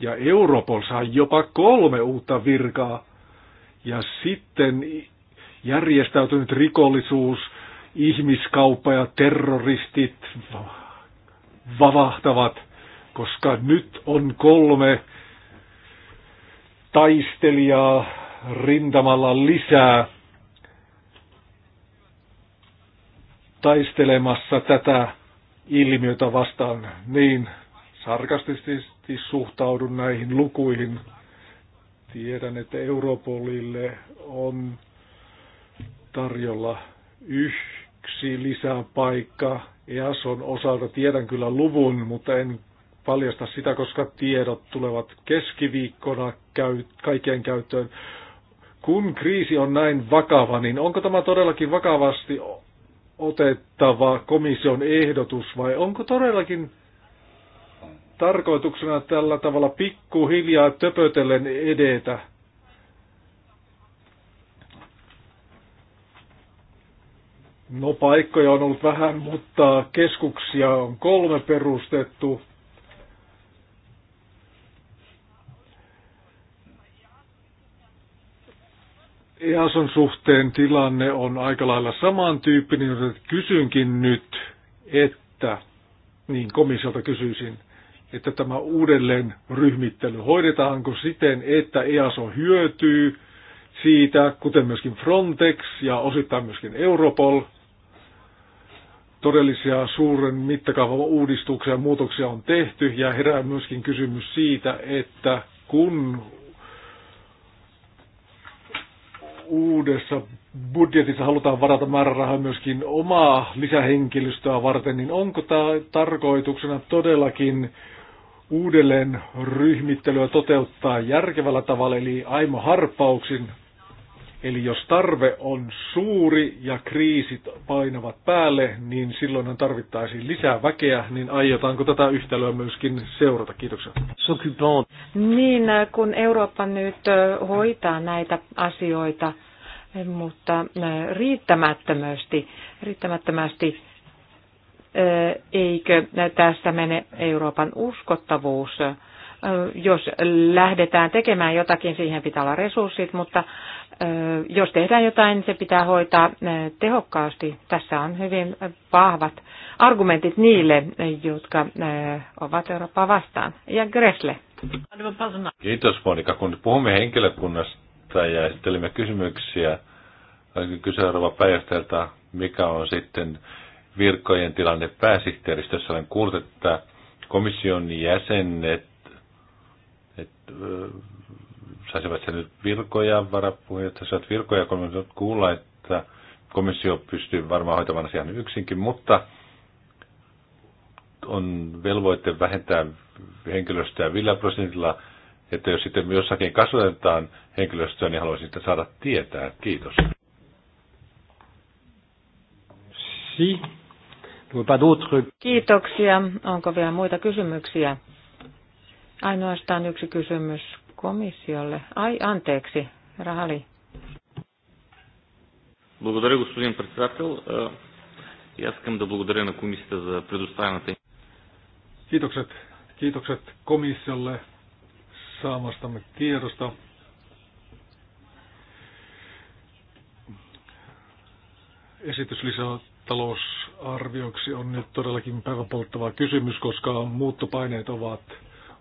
Ja Europol sai jopa kolme uutta virkaa. Ja sitten järjestäytynyt rikollisuus, ihmiskauppa ja terroristit vavahtavat, koska nyt on kolme taistelijaa rintamalla lisää taistelemassa tätä ilmiötä vastaan. Niin sarkastisesti suhtaudun näihin lukuihin. Tiedän, että Europolille on tarjolla yksi lisäpaikka. EASON osalta tiedän kyllä luvun, mutta en paljasta sitä, koska tiedot tulevat keskiviikkona kaikkien käyttöön. Kun kriisi on näin vakava, niin onko tämä todellakin vakavasti otettava komission ehdotus vai onko todellakin tarkoituksena tällä tavalla pikkuhiljaa töpötellen edetä. No paikkoja on ollut vähän, mutta keskuksia on kolme perustettu. EASON suhteen tilanne on aika lailla samantyyppinen, joten kysynkin nyt, että, niin komissiolta kysyisin, että tämä uudelleen ryhmittely hoidetaanko siten, että EASO hyötyy siitä, kuten myöskin Frontex ja osittain myöskin Europol. Todellisia suuren mittakaavan uudistuksia ja muutoksia on tehty ja herää myöskin kysymys siitä, että kun uudessa budjetissa halutaan varata määrärahaa myöskin omaa lisähenkilöstöä varten, niin onko tämä tarkoituksena todellakin uudelleen ryhmittelyä toteuttaa järkevällä tavalla, eli aimo harppauksin. Eli jos tarve on suuri ja kriisit painavat päälle, niin silloinhan tarvittaisiin lisää väkeä, niin aiotaanko tätä yhtälöä myöskin seurata? Kiitoksia. Niin, kun Eurooppa nyt hoitaa näitä asioita, mutta riittämättömästi, riittämättömästi eikö tässä mene Euroopan uskottavuus? Jos lähdetään tekemään jotakin, siihen pitää olla resurssit, mutta jos tehdään jotain, se pitää hoitaa tehokkaasti. Tässä on hyvin vahvat argumentit niille, jotka ovat Eurooppaa vastaan. Ja Gresle. Kiitos Monika. Kun puhumme henkilökunnasta ja esittelimme kysymyksiä, kysyä rouva pääjohtajalta, mikä on sitten virkojen tilanne pääsihteeristössä. Olen kuullut, että komission jäsenet et, saisivat sen nyt virkoja, varapuheenjohtaja, saisivat virkoja, kun on kuulla, että komissio pystyy varmaan hoitamaan asian yksinkin, mutta on velvoite vähentää henkilöstöä villä prosentilla, että jos sitten jossakin kasvatetaan henkilöstöä, niin haluaisin sitä saada tietää. Kiitos. Si. Kiitoksia. Onko vielä muita kysymyksiä? Ainoastaan yksi kysymys komissiolle. Ai, anteeksi, Rahali. Hali. Kiitokset, kiitokset komissiolle saamastamme tiedosta. lisää talousarvioksi on nyt todellakin päiväpolttava kysymys, koska muuttopaineet ovat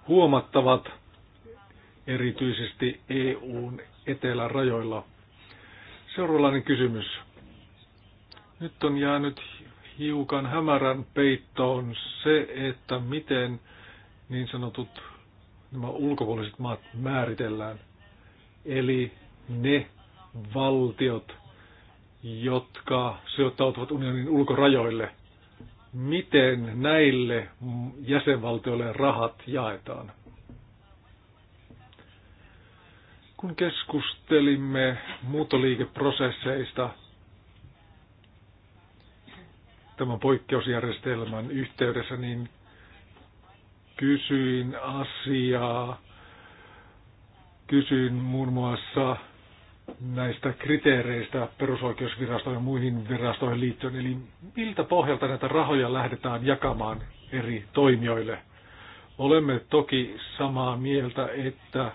huomattavat, erityisesti EUn etelärajoilla. Seuraavainen kysymys. Nyt on jäänyt hiukan hämärän peittoon se, että miten niin sanotut nämä ulkopuoliset maat määritellään. Eli ne valtiot, jotka sijoittautuvat unionin ulkorajoille. Miten näille jäsenvaltioille rahat jaetaan? Kun keskustelimme muuttoliikeprosesseista tämän poikkeusjärjestelmän yhteydessä, niin kysyin asiaa. Kysyin muun muassa näistä kriteereistä perusoikeusvirastoihin ja muihin virastoihin liittyen. Eli miltä pohjalta näitä rahoja lähdetään jakamaan eri toimijoille? Olemme toki samaa mieltä, että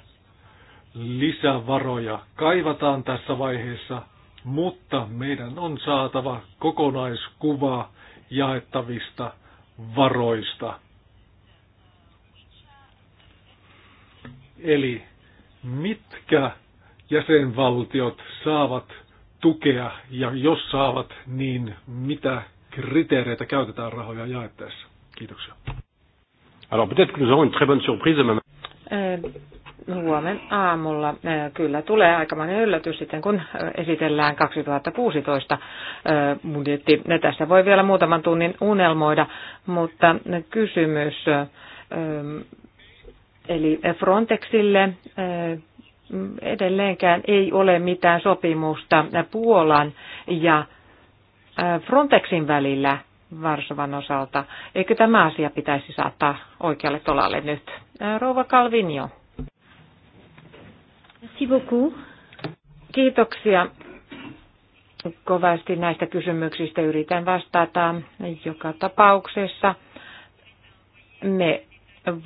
lisävaroja kaivataan tässä vaiheessa, mutta meidän on saatava kokonaiskuva jaettavista varoista. Eli mitkä jäsenvaltiot saavat tukea ja jos saavat, niin mitä kriteereitä käytetään rahoja jaettaessa? Kiitoksia. Alors peut-être que nous avons une très bonne surprise demain. Äh, huomen aamulla äh, kyllä tulee aikamoinen yllätys sitten, kun äh, esitellään 2016 budjetti. Tässä voi vielä muutaman tunnin unelmoida, mutta kysymys eli Frontexille edelleenkään ei ole mitään sopimusta Puolan ja äh, Frontexin välillä Varsovan osalta. Eikö tämä asia pitäisi saattaa oikealle tolalle nyt? Äh, Rouva Calvinio. Merci beaucoup. Kiitoksia kovasti näistä kysymyksistä. Yritän vastata joka tapauksessa. Me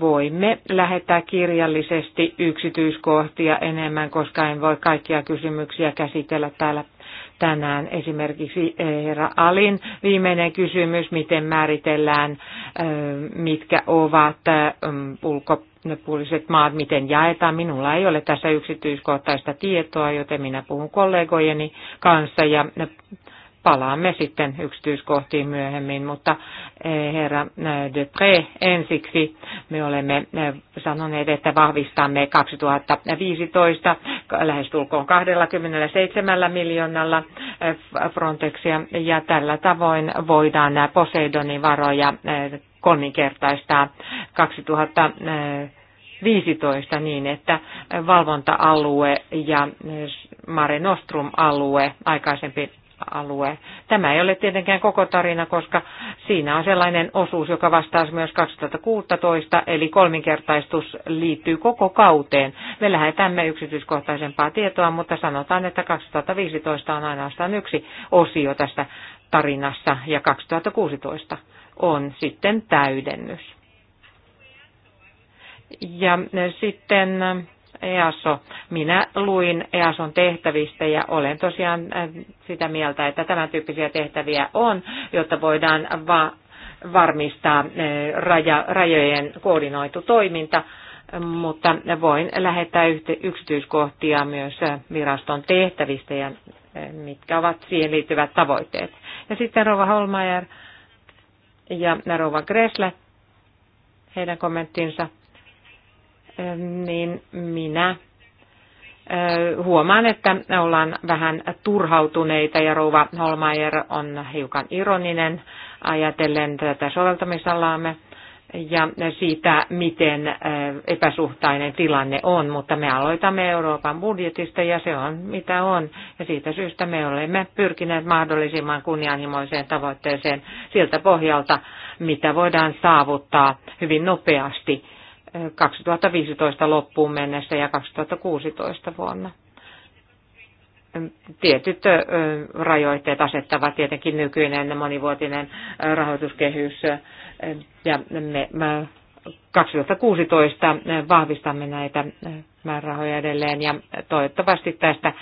voimme lähettää kirjallisesti yksityiskohtia enemmän, koska en voi kaikkia kysymyksiä käsitellä täällä tänään. Esimerkiksi eh, herra Alin viimeinen kysymys, miten määritellään, eh, mitkä ovat eh, mm, ulkopuoliset maat, miten jaetaan. Minulla ei ole tässä yksityiskohtaista tietoa, joten minä puhun kollegojeni kanssa ja palaamme sitten yksityiskohtiin myöhemmin, mutta eh, herra eh, Depre ensiksi me olemme eh, sanoneet, että vahvistamme 2015 lähestulkoon 27 miljoonalla Frontexia ja tällä tavoin voidaan Poseidonin varoja kolminkertaistaa 2015 niin, että valvonta-alue ja Mare Nostrum-alue, aikaisempi alue. Tämä ei ole tietenkään koko tarina, koska siinä on sellainen osuus, joka vastaa myös 2016, eli kolminkertaistus liittyy koko kauteen. Me lähetämme yksityiskohtaisempaa tietoa, mutta sanotaan, että 2015 on ainoastaan yksi osio tästä tarinassa ja 2016 on sitten täydennys. Ja sitten EASO. Minä luin EASOn tehtävistä ja olen tosiaan äh, sitä mieltä, että tämän tyyppisiä tehtäviä on, jotta voidaan va- varmistaa äh, raja, rajojen koordinoitu toiminta, mutta voin lähettää yksityiskohtia myös äh, viraston tehtävistä ja mitkä ovat siihen liittyvät tavoitteet. Ja sitten Rova Holmeier ja Rova Gressle, heidän kommenttinsa niin minä huomaan, että ollaan vähän turhautuneita ja Rouva Holmeier on hiukan ironinen ajatellen tätä soveltamisalaamme ja siitä, miten epäsuhtainen tilanne on, mutta me aloitamme Euroopan budjetista ja se on mitä on. Ja siitä syystä me olemme pyrkineet mahdollisimman kunnianhimoiseen tavoitteeseen siltä pohjalta, mitä voidaan saavuttaa hyvin nopeasti 2015 loppuun mennessä ja 2016 vuonna. Tietyt rajoitteet asettavat tietenkin nykyinen monivuotinen rahoituskehys ja me 2016 vahvistamme näitä määrärahoja edelleen ja toivottavasti tästä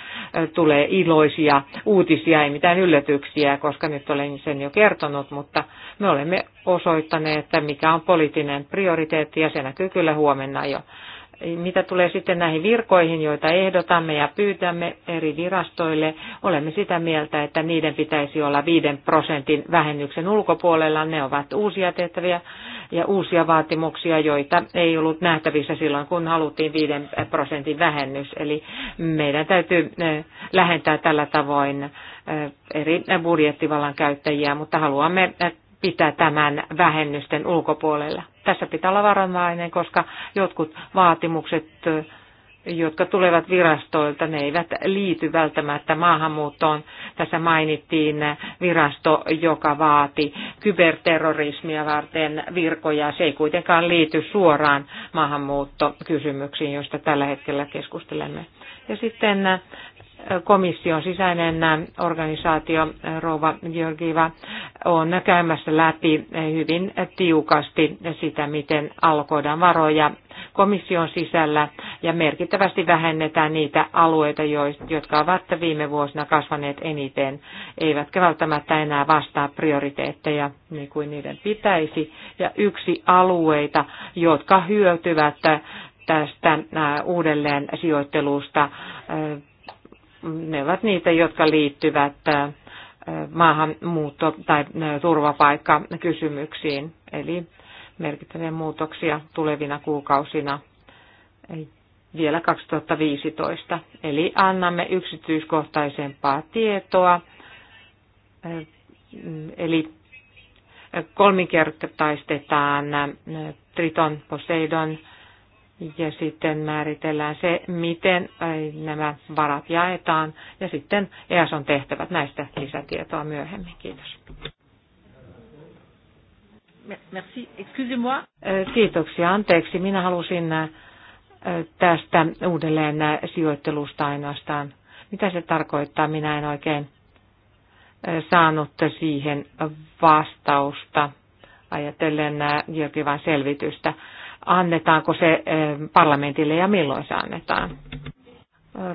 tulee iloisia uutisia, ei mitään yllätyksiä, koska nyt olen sen jo kertonut, mutta me olemme osoittaneet, että mikä on poliittinen prioriteetti ja se näkyy kyllä huomenna jo. Mitä tulee sitten näihin virkoihin, joita ehdotamme ja pyytämme eri virastoille, olemme sitä mieltä, että niiden pitäisi olla 5 prosentin vähennyksen ulkopuolella. Ne ovat uusia tehtäviä ja uusia vaatimuksia, joita ei ollut nähtävissä silloin, kun haluttiin 5 prosentin vähennys. Eli meidän täytyy eh, lähentää tällä tavoin eh, eri budjettivallan käyttäjiä, mutta haluamme eh, pitää tämän vähennysten ulkopuolella. Tässä pitää olla varovainen, koska jotkut vaatimukset jotka tulevat virastoilta, ne eivät liity välttämättä maahanmuuttoon. Tässä mainittiin virasto, joka vaati kyberterrorismia varten virkoja. Se ei kuitenkaan liity suoraan maahanmuuttokysymyksiin, joista tällä hetkellä keskustelemme. Ja sitten äh, komission sisäinen äh, organisaatio äh, Rouva Georgiva on käymässä läpi hyvin tiukasti sitä, miten alkoidaan varoja komission sisällä ja merkittävästi vähennetään niitä alueita, jotka ovat viime vuosina kasvaneet eniten, eivätkä välttämättä enää vastaa prioriteetteja niin kuin niiden pitäisi. Ja yksi alueita, jotka hyötyvät tästä uudelleen sijoittelusta, ne ovat niitä, jotka liittyvät maahanmuutto- tai turvapaikkakysymyksiin. Eli merkittäviä muutoksia tulevina kuukausina vielä 2015. Eli annamme yksityiskohtaisempaa tietoa, eh, eli kolminkertaistetaan eh, Triton Poseidon ja sitten määritellään se, miten eh, nämä varat jaetaan ja sitten e on tehtävät näistä lisätietoa myöhemmin. Kiitos. Merci. Excusez-moi. Kiitoksia. Anteeksi, minä halusin tästä uudelleen sijoittelusta ainoastaan. Mitä se tarkoittaa? Minä en oikein saanut siihen vastausta ajatellen Jokivan selvitystä. Annetaanko se parlamentille ja milloin se annetaan?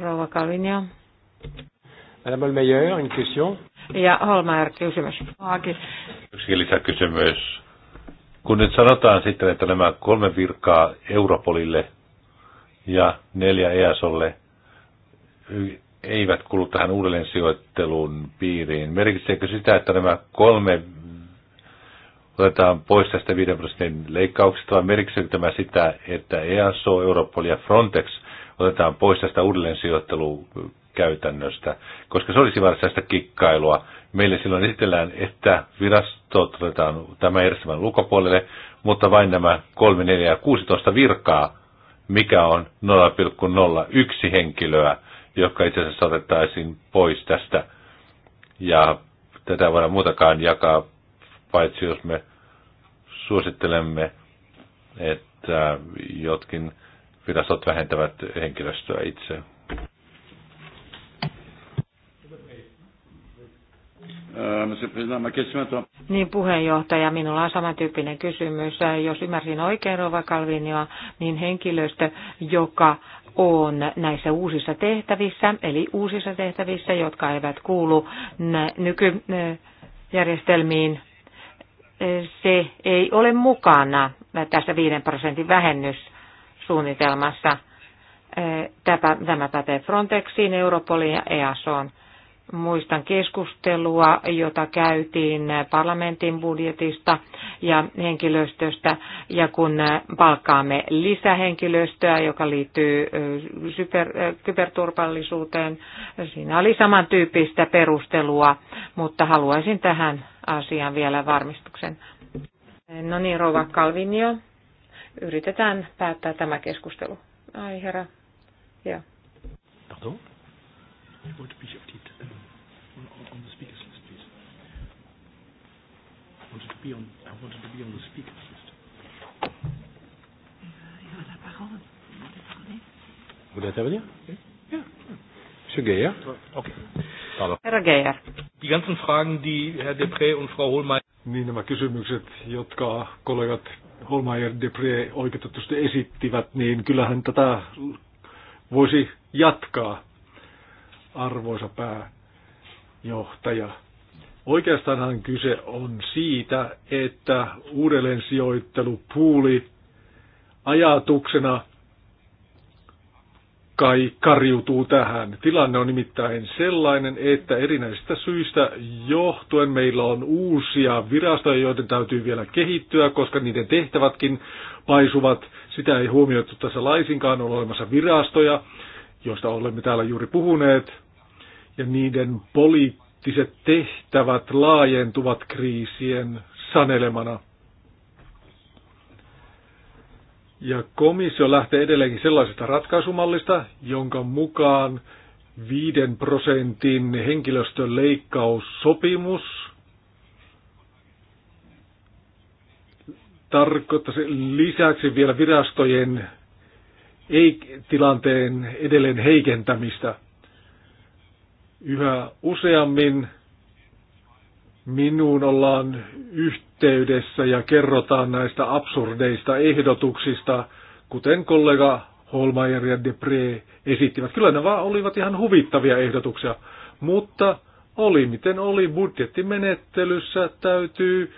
Rouva Kalvinio. Madame Holmeyer, une question. Ja Holmeyer, kysymys. Yksi lisäkysymys. Kun nyt sanotaan sitten, että nämä kolme virkaa Europolille ja neljä EASOlle eivät kuulu tähän uudelleen sijoittelun piiriin, merkitseekö sitä, että nämä kolme otetaan pois tästä 5 prosentin leikkauksesta, vai merkitseekö tämä sitä, että EASO, Europol ja Frontex otetaan pois tästä uudelleen käytännöstä, koska se olisi varsinaista kikkailua, Meille silloin esitellään, että virastot otetaan tämä järjestelmän ulkopuolelle, mutta vain nämä 3, 4 ja 16 virkaa, mikä on 0,01 henkilöä, jotka itse asiassa otettaisiin pois tästä. Ja tätä voidaan muutakaan jakaa, paitsi jos me suosittelemme, että jotkin virastot vähentävät henkilöstöä itse. Niin puheenjohtaja, minulla on samantyyppinen kysymys. Jos ymmärsin oikein Rova Kalvinioa, niin henkilöstö, joka on näissä uusissa tehtävissä, eli uusissa tehtävissä, jotka eivät kuulu nykyjärjestelmiin, se ei ole mukana tässä 5 prosentin vähennyssuunnitelmassa. Tämä pätee Frontexiin, Europoliin ja EASOon muistan keskustelua, jota käytiin parlamentin budjetista ja henkilöstöstä, ja kun palkkaamme lisähenkilöstöä, joka liittyy super, kyberturvallisuuteen, siinä oli samantyyppistä perustelua, mutta haluaisin tähän asiaan vielä varmistuksen. No niin, Rova Kalvinio, yritetään päättää tämä keskustelu. Ai herra, joo. Pardon? be on, I wanted to be on the speaker system. Euh, voulez intervenir yeah. Monsieur Geyer. Okay. Pardon. Herra Geyer. Die ganzen Fragen, die Herr Depré und Frau Holmeier... Niin nämä kysymykset, jotka kollegat Holmeier Depré oikeutetusti esittivät, niin kyllähän tätä voisi jatkaa, arvoisa pääjohtaja. Oikeastaanhan kyse on siitä, että uudelleen sijoittelupuuli ajatuksena kai karjutuu tähän. Tilanne on nimittäin sellainen, että erinäisistä syistä johtuen meillä on uusia virastoja, joiden täytyy vielä kehittyä, koska niiden tehtävätkin paisuvat. Sitä ei huomioitu tässä laisinkaan, on olemassa virastoja, joista olemme täällä juuri puhuneet, ja niiden poli- poliittiset tehtävät laajentuvat kriisien sanelemana. Ja komissio lähtee edelleenkin sellaisesta ratkaisumallista, jonka mukaan 5 prosentin henkilöstön leikkaussopimus tarkoittaisi lisäksi vielä virastojen ei tilanteen edelleen heikentämistä – Yhä useammin minuun ollaan yhteydessä ja kerrotaan näistä absurdeista ehdotuksista, kuten kollega Holmeier ja Depre esittivät. Kyllä vaan olivat ihan huvittavia ehdotuksia, mutta oli miten oli, budjettimenettelyssä täytyy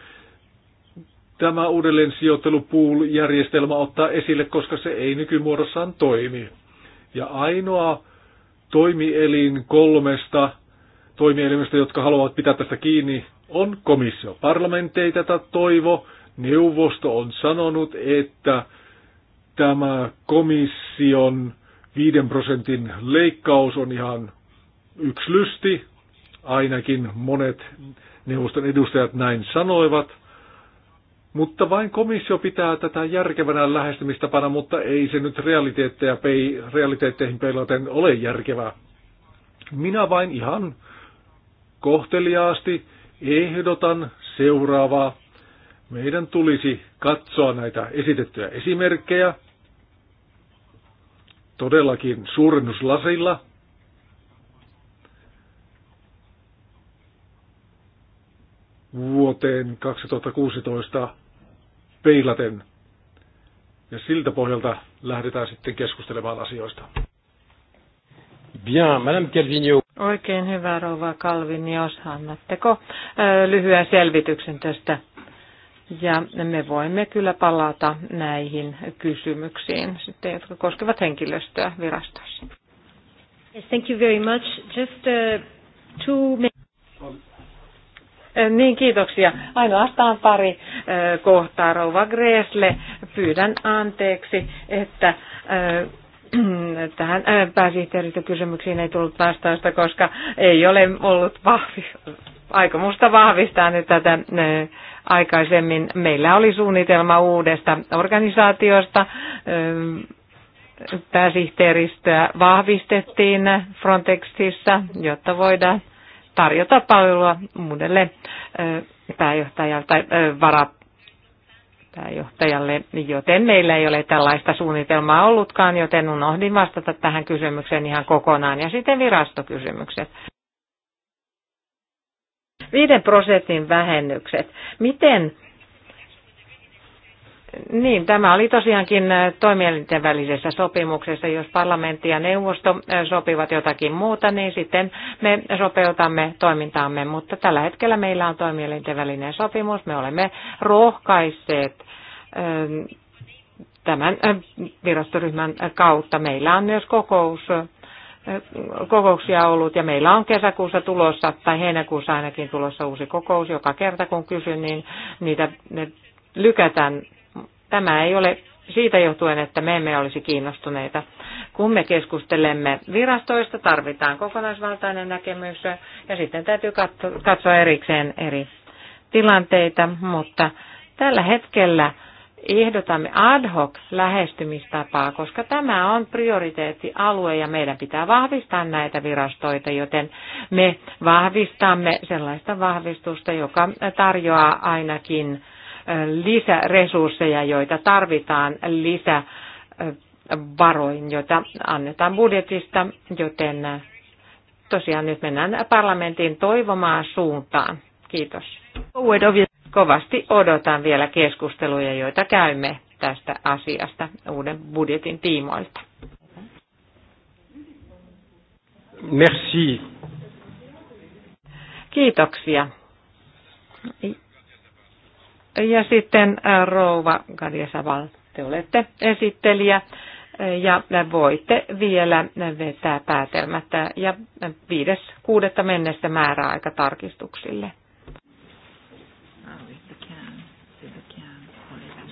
tämä uudelleen sijoittelupool-järjestelmä ottaa esille, koska se ei nykymuodossaan toimi. Ja ainoa toimielin kolmesta toimielimestä, jotka haluavat pitää tästä kiinni, on komissio. Parlamentti tätä toivo. Neuvosto on sanonut, että tämä komission 5 prosentin leikkaus on ihan yksi lysti. Ainakin monet neuvoston edustajat näin sanoivat – mutta vain komissio pitää tätä järkevänä lähestymistapana, mutta ei se nyt realiteetteja pei, realiteetteihin peilaten ole järkevää. Minä vain ihan kohteliaasti ehdotan seuraavaa. Meidän tulisi katsoa näitä esitettyjä esimerkkejä todellakin suurennuslasilla. Vuoteen 2016 peilaten. Ja siltä pohjalta lähdetään sitten keskustelemaan asioista. Bien, Madame Calvinio. Oikein hyvä rouva Calvini, jos annatteko lyhyen selvityksen tästä. Ja me voimme kyllä palata näihin kysymyksiin, sitten, jotka koskevat henkilöstöä virastossa. Yes, thank you very much. Just uh, two niin, kiitoksia. Ainoastaan pari kohtaa. Rouva Gresle. pyydän anteeksi, että tähän pääsihteeristökysymyksiin ei tullut vastausta, koska ei ole ollut vahvi, aikomusta vahvistaa nyt tätä aikaisemmin. Meillä oli suunnitelma uudesta organisaatiosta. Pääsihteeristöä vahvistettiin Frontexissa, jotta voidaan tarjota palvelua uudelle pääjohtajalle tai varapääjohtajalle, joten meillä ei ole tällaista suunnitelmaa ollutkaan, joten unohdin vastata tähän kysymykseen ihan kokonaan. Ja sitten virastokysymykset. viiden prosentin vähennykset. Miten niin, tämä oli tosiaankin äh, toimielinten välisessä sopimuksessa. Jos parlamentti ja neuvosto äh, sopivat jotakin muuta, niin sitten me sopeutamme toimintaamme. Mutta tällä hetkellä meillä on toimielinten välinen sopimus. Me olemme rohkaisseet äh, tämän virastoryhmän kautta. Meillä on myös kokous, kokouksia ollut ja meillä on kesäkuussa tulossa tai heinäkuussa ainakin tulossa uusi kokous. Joka kerta kun kysyn, niin niitä ne lykätään Tämä ei ole siitä johtuen, että me emme olisi kiinnostuneita. Kun me keskustelemme virastoista, tarvitaan kokonaisvaltainen näkemys ja sitten täytyy katsoa erikseen eri tilanteita, mutta tällä hetkellä ehdotamme ad hoc lähestymistapaa, koska tämä on prioriteettialue ja meidän pitää vahvistaa näitä virastoita, joten me vahvistamme sellaista vahvistusta, joka tarjoaa ainakin lisäresursseja, joita tarvitaan lisävaroin, joita annetaan budjetista, joten tosiaan nyt mennään parlamentin toivomaan suuntaan. Kiitos. Kovasti odotan vielä keskusteluja, joita käymme tästä asiasta uuden budjetin tiimoilta. Merci. Kiitoksia. Ja sitten äh, rouva Kadia Saval, te olette esittelijä äh, ja voitte vielä vetää päätelmät äh, ja viides, kuudetta mennessä määräaika tarkistuksille.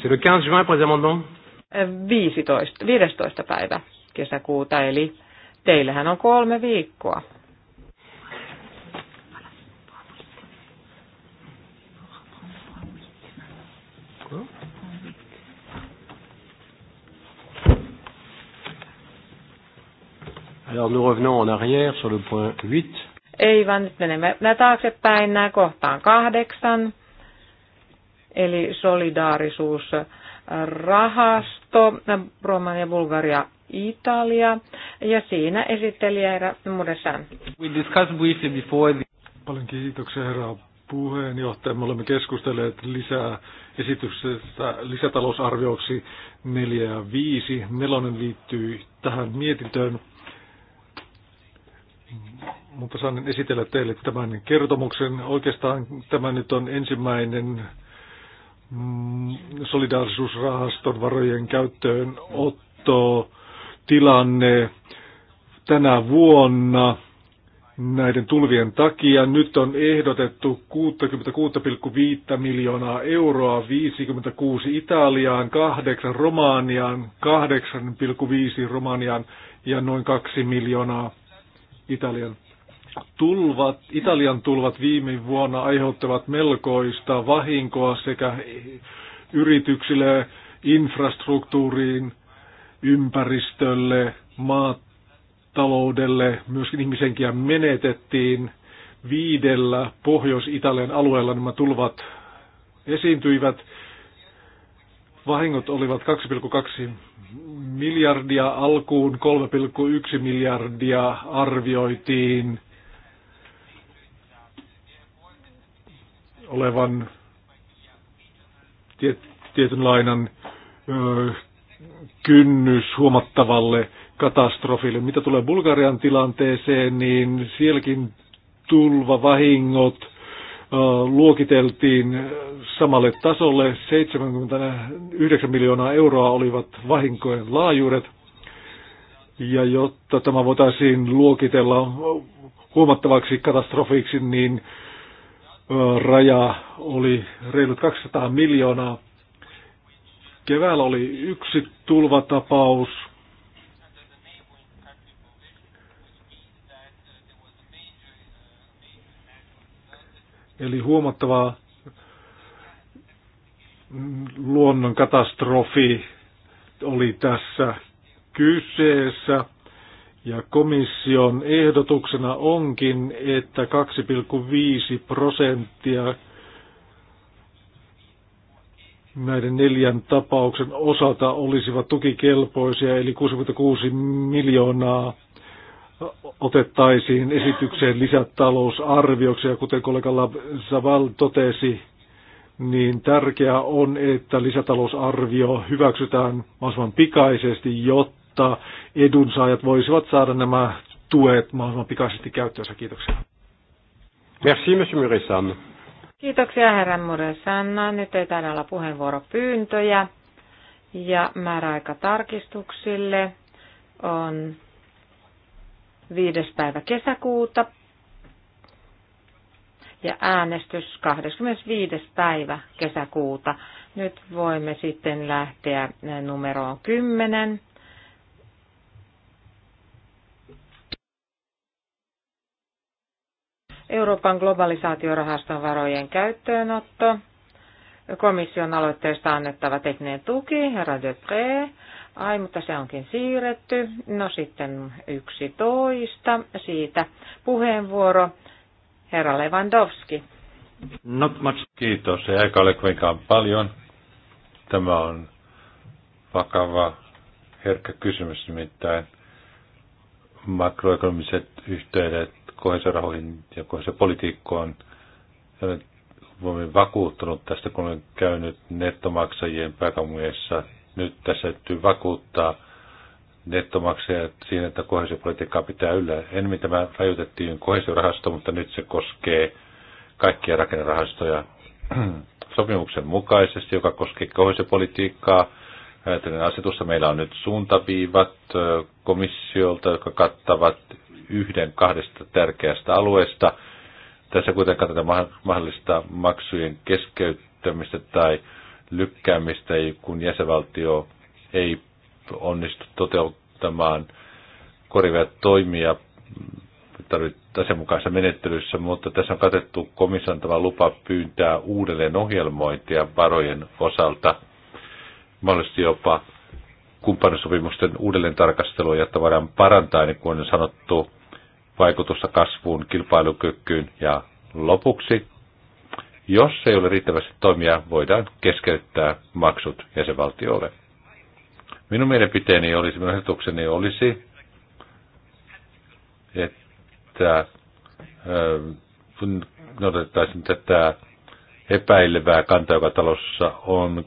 C'est le 15 juin pour les 15, 15. päivä kesäkuuta, eli teillähän on kolme viikkoa Alors nous revenons en arrière sur le point 8. Ei vaan nyt menemme taaksepäin kohtaan kahdeksan, eli solidaarisuus rahasto, Romania, Bulgaria, Italia, ja siinä esittelijä herra Muresan. We discussed briefly before the... Paljon kiitoksia herra puheenjohtaja. Me olemme keskustelleet lisää esityksestä lisätalousarvioksi 4 ja 5. Nelonen liittyy tähän mietintöön mutta saan esitellä teille tämän kertomuksen. Oikeastaan tämä nyt on ensimmäinen mm, solidaarisuusrahaston varojen käyttöön otto tilanne tänä vuonna näiden tulvien takia. Nyt on ehdotettu 66,5 miljoonaa euroa, 56 Italiaan, 8 Romaaniaan, 8,5 Romaniaan ja noin 2 miljoonaa Italian tulvat, Italian tulvat viime vuonna aiheuttavat melkoista vahinkoa sekä yrityksille, infrastruktuuriin, ympäristölle, maataloudelle, myöskin ihmisenkiä menetettiin. Viidellä Pohjois-Italian alueella nämä tulvat esiintyivät. Vahingot olivat 2,2 miljardia alkuun, 3,1 miljardia arvioitiin olevan tietyn lainan kynnys huomattavalle katastrofille. Mitä tulee Bulgarian tilanteeseen, niin sielläkin tulvavahingot luokiteltiin samalle tasolle. 79 miljoonaa euroa olivat vahinkojen laajuudet. Ja jotta tämä voitaisiin luokitella huomattavaksi katastrofiksi, niin raja oli reilut 200 miljoonaa. Keväällä oli yksi tulvatapaus. Eli huomattava luonnon katastrofi oli tässä kyseessä. Ja komission ehdotuksena onkin, että 2,5 prosenttia näiden neljän tapauksen osalta olisivat tukikelpoisia, eli 66 miljoonaa otettaisiin esitykseen lisätalousarvioksi. Ja kuten kollega Saval totesi, niin tärkeää on, että lisätalousarvio hyväksytään mahdollisimman pikaisesti, jotta jotta edunsaajat voisivat saada nämä tuet mahdollisimman pikaisesti käyttöönsä. Kiitoksia. Merci, monsieur Muresan. Kiitoksia, herra Muresan. No, nyt ei täällä olla puheenvuoropyyntöjä. Ja määräaika tarkistuksille on viides päivä kesäkuuta ja äänestys 25. päivä kesäkuuta. Nyt voimme sitten lähteä numeroon 10. Euroopan globalisaatiorahaston varojen käyttöönotto, komission aloitteesta annettava tekninen tuki, herra Dupré, ai mutta se onkin siirretty, no sitten yksi toista siitä puheenvuoro, herra Lewandowski. Not much. Kiitos, ei aika ole kuinkaan paljon. Tämä on vakava, herkkä kysymys, nimittäin makroekonomiset yhteydet kohesiorahoihin ja politiikkoon. Olen vakuuttunut tästä, kun olen käynyt nettomaksajien pääkaupungeissa. Nyt tässä täytyy vakuuttaa nettomaksajat siinä, että kohesiopolitiikkaa pitää yllä. mitä tämä rajoitettiin kohesiorahasto, mutta nyt se koskee kaikkia rakennerahastoja sopimuksen mukaisesti, joka koskee kohesiopolitiikkaa – Ajatellen asetussa meillä on nyt suuntaviivat komissiolta, jotka kattavat yhden kahdesta tärkeästä alueesta. Tässä kuitenkaan tätä mahdollista maksujen keskeyttämistä tai lykkäämistä, kun jäsenvaltio ei onnistu toteuttamaan korivia toimia asianmukaisessa menettelyssä, mutta tässä on katettu komissantava lupa pyytää uudelleen ohjelmointia varojen osalta – mahdollisesti jopa kumppanisopimusten uudelleen tarkastelua, jotta voidaan parantaa, niin kuin on sanottu, vaikutusta kasvuun, kilpailukykyyn ja lopuksi, jos ei ole riittävästi toimia, voidaan keskeyttää maksut jäsenvaltiolle. Minun mielipiteeni olisi, minun ehdotukseni olisi, että otettaisiin tätä epäilevää kantaa, joka talossa on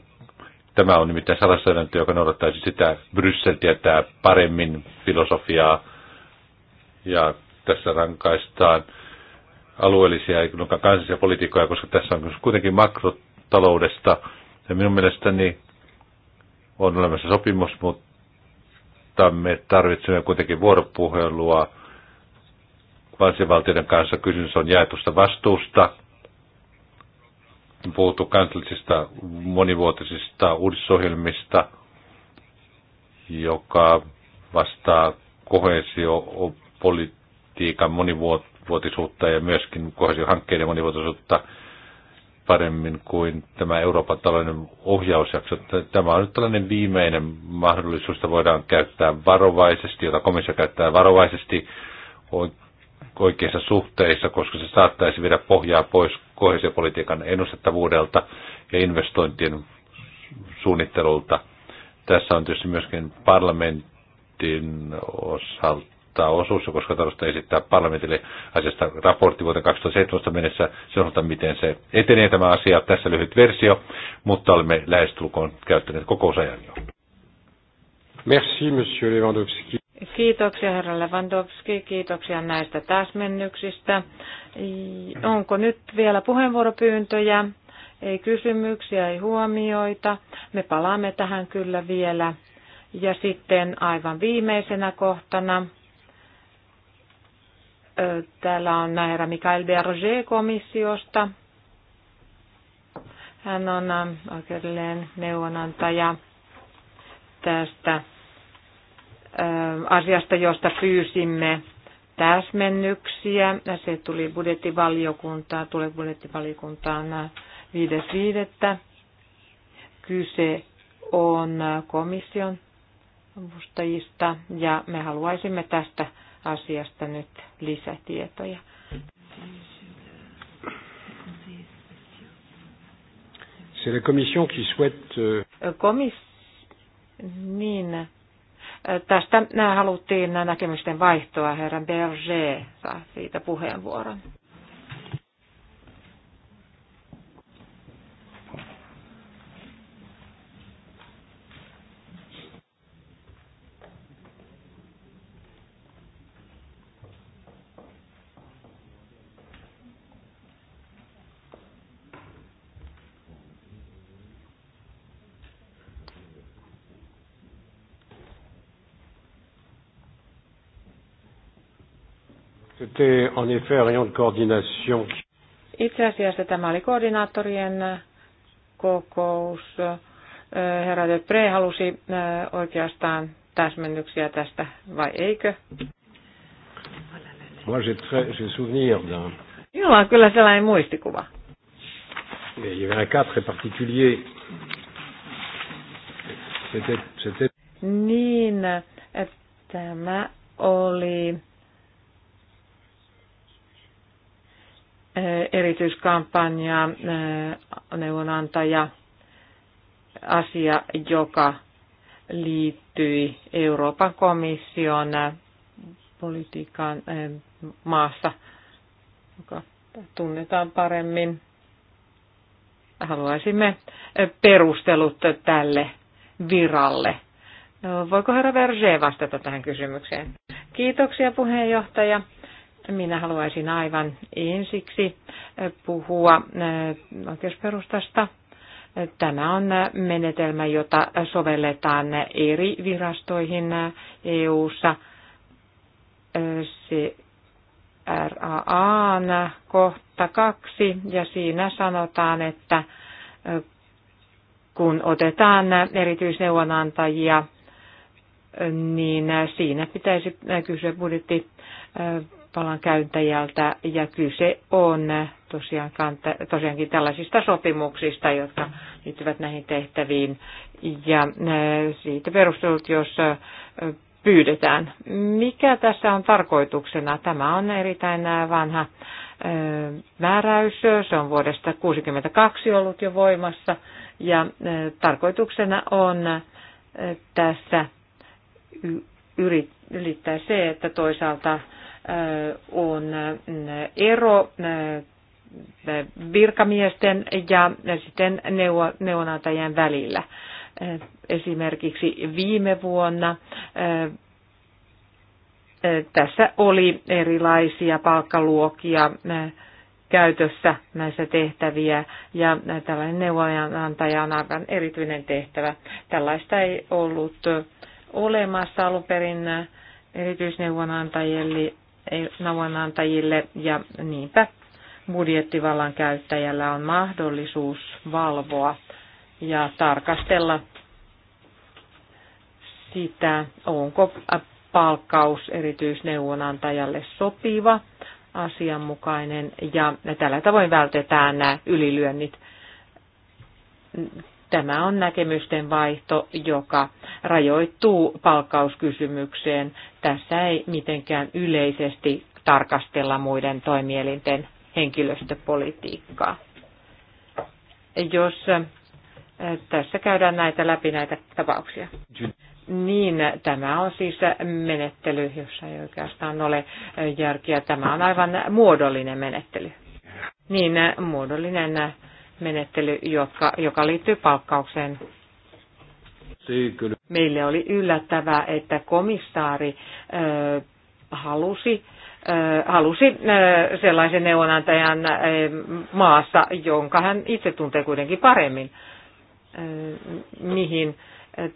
Tämä on nimittäin salassäädäntö, joka noudattaisi sitä Bryssel tietää paremmin filosofiaa. Ja tässä rankaistaan alueellisia ja kansallisia politiikkoja, koska tässä on kuitenkin makrotaloudesta. Ja minun mielestäni on olemassa sopimus, mutta me tarvitsemme kuitenkin vuoropuhelua valtiovaltioiden kanssa. Kysymys on jaetusta vastuusta puhuttu kansallisista monivuotisista uudistusohjelmista, joka vastaa kohesiopolitiikan monivuotisuutta ja myöskin kohesiohankkeiden monivuotisuutta paremmin kuin tämä Euroopan talouden ohjausjakso. Tämä on nyt tällainen viimeinen mahdollisuus, että voidaan käyttää varovaisesti, jota komissio käyttää varovaisesti oikeissa suhteissa, koska se saattaisi viedä pohjaa pois kohesiopolitiikan ennustettavuudelta ja investointien suunnittelulta. Tässä on tietysti myöskin parlamentin osalta osuus, koska tarvitsee esittää parlamentille asiasta raportti vuoteen 2017 mennessä se osalta, miten se etenee tämä asia. Tässä lyhyt versio, mutta olemme lähestulkoon käyttäneet kokousajan jo. Merci, monsieur Lewandowski. Kiitoksia herra Lewandowski, kiitoksia näistä täsmennyksistä. Onko nyt vielä puheenvuoropyyntöjä? Ei kysymyksiä, ei huomioita. Me palaamme tähän kyllä vielä. Ja sitten aivan viimeisenä kohtana täällä on näherä Mikael Berger komissiosta. Hän on oikeudelleen neuvonantaja tästä asiasta, josta pyysimme täsmennyksiä. Se tuli budjettivaliokuntaan, tulee budjettivaliokuntaan 5.5. Kyse on komission avustajista ja me haluaisimme tästä asiasta nyt lisätietoja. C'est la commission qui souhaite... Euh, Komis... Niin, Tästä äh, haluttiin näkemysten vaihtoa. Herran Berger saa siitä puheenvuoron. C'était en effet un rayon de coordination. Itse asiassa tämä oli koordinaattorien kokous. Äh, herra de Pre halusi äh, oikeastaan täsmennyksiä tästä, vai eikö? Moi, j'ai très, j'ai souvenir d'un. Minulla on kyllä sellainen muistikuva. Il y avait un cas très particulier. C'était, c'était... Niin, äh, tämä oli Eh, erityiskampanjaa, eh, neuvonantaja, asia, joka liittyi Euroopan komission eh, politiikan maassa, joka tunnetaan paremmin. Haluaisimme perustelut tälle viralle. No, voiko herra Verge vastata tähän kysymykseen? Kiitoksia puheenjohtaja minä haluaisin aivan ensiksi eh, puhua eh, oikeusperustasta. Tämä on eh, menetelmä, jota sovelletaan eri virastoihin EU-ssa. E se RAAn kohta kaksi, ja siinä sanotaan, että kun otetaan erityisneuvonantajia, niin siinä pitäisi kysyä budjetti käyntäjältä ja kyse on tosiaankaan, tosiaankin tällaisista sopimuksista, jotka liittyvät näihin tehtäviin ja siitä perustelut, jos pyydetään. Mikä tässä on tarkoituksena? Tämä on erittäin vanha määräys. Se on vuodesta 1962 ollut jo voimassa ja tarkoituksena on tässä yrittää se, että toisaalta on mm, ero mm, virkamiesten ja sitten neuvonantajien välillä. Esimerkiksi viime vuonna tässä oli erilaisia palkkaluokia mm, käytössä näissä tehtäviä ja tällainen neuvonantaja on aivan erityinen tehtävä. Tällaista ei ollut olemassa alun perin erityisneuvonantajille neuvonantajille ja niinpä budjettivallan käyttäjällä on mahdollisuus valvoa ja tarkastella sitä, onko palkkaus erityisneuvonantajalle sopiva, asianmukainen ja tällä tavoin vältetään nämä ylilyönnit Tämä on näkemysten vaihto, joka rajoittuu palkkauskysymykseen. Tässä ei mitenkään yleisesti tarkastella muiden toimielinten henkilöstöpolitiikkaa. Jos äh, tässä käydään näitä läpi näitä tapauksia. Niin, tämä on siis menettely, jossa ei oikeastaan ole äh, järkiä. Tämä on aivan muodollinen menettely. Niin, muodollinen menettely, jotka, joka liittyy palkkaukseen. Meille oli yllättävää, että komissaari ö, halusi, ö, halusi ö, sellaisen neuvonantajan ö, maassa, jonka hän itse tuntee kuitenkin paremmin, ö, mihin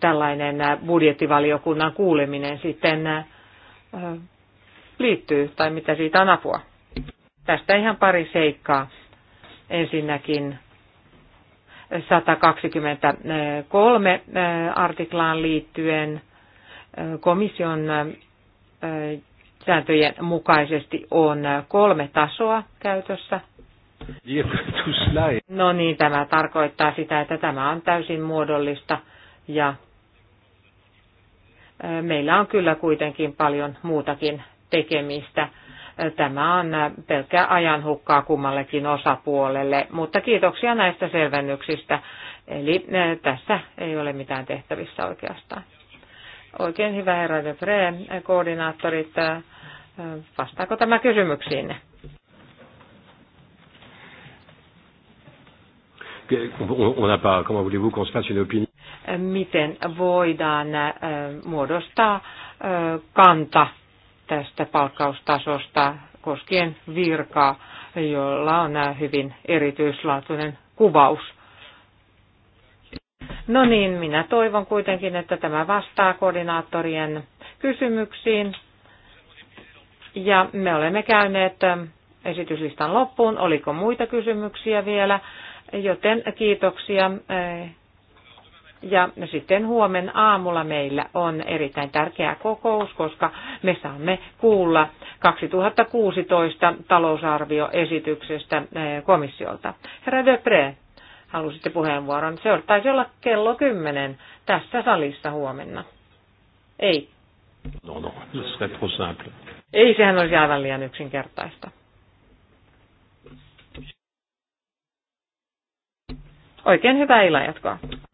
tällainen budjettivaliokunnan kuuleminen sitten ö, liittyy tai mitä siitä on apua. Tästä ihan pari seikkaa. Ensinnäkin 123 artiklaan liittyen komission sääntöjen mukaisesti on kolme tasoa käytössä. No niin, tämä tarkoittaa sitä, että tämä on täysin muodollista ja meillä on kyllä kuitenkin paljon muutakin tekemistä Tämä on pelkkää ajanhukkaa kummallekin osapuolelle, mutta kiitoksia näistä selvennyksistä. Eli eh, tässä ei ole mitään tehtävissä oikeastaan. Oikein hyvä herra De Pre, koordinaattorit, eh, vastaako tämä kysymyksiinne? Miten voidaan eh, muodostaa kanta tästä palkkaustasosta koskien virkaa, jolla on hyvin erityislaatuinen kuvaus. No niin, minä toivon kuitenkin, että tämä vastaa koordinaattorien kysymyksiin. Ja me olemme käyneet esityslistan loppuun. Oliko muita kysymyksiä vielä? Joten kiitoksia ja sitten huomenna aamulla meillä on erittäin tärkeä kokous, koska me saamme kuulla 2016 talousarvioesityksestä eh, komissiolta. Herra Depre, halusitte puheenvuoron. Se taisi olla kello 10 tässä salissa huomenna. Ei. No, no, Ei, sehän olisi aivan liian yksinkertaista. Oikein hyvää illanjatkoa.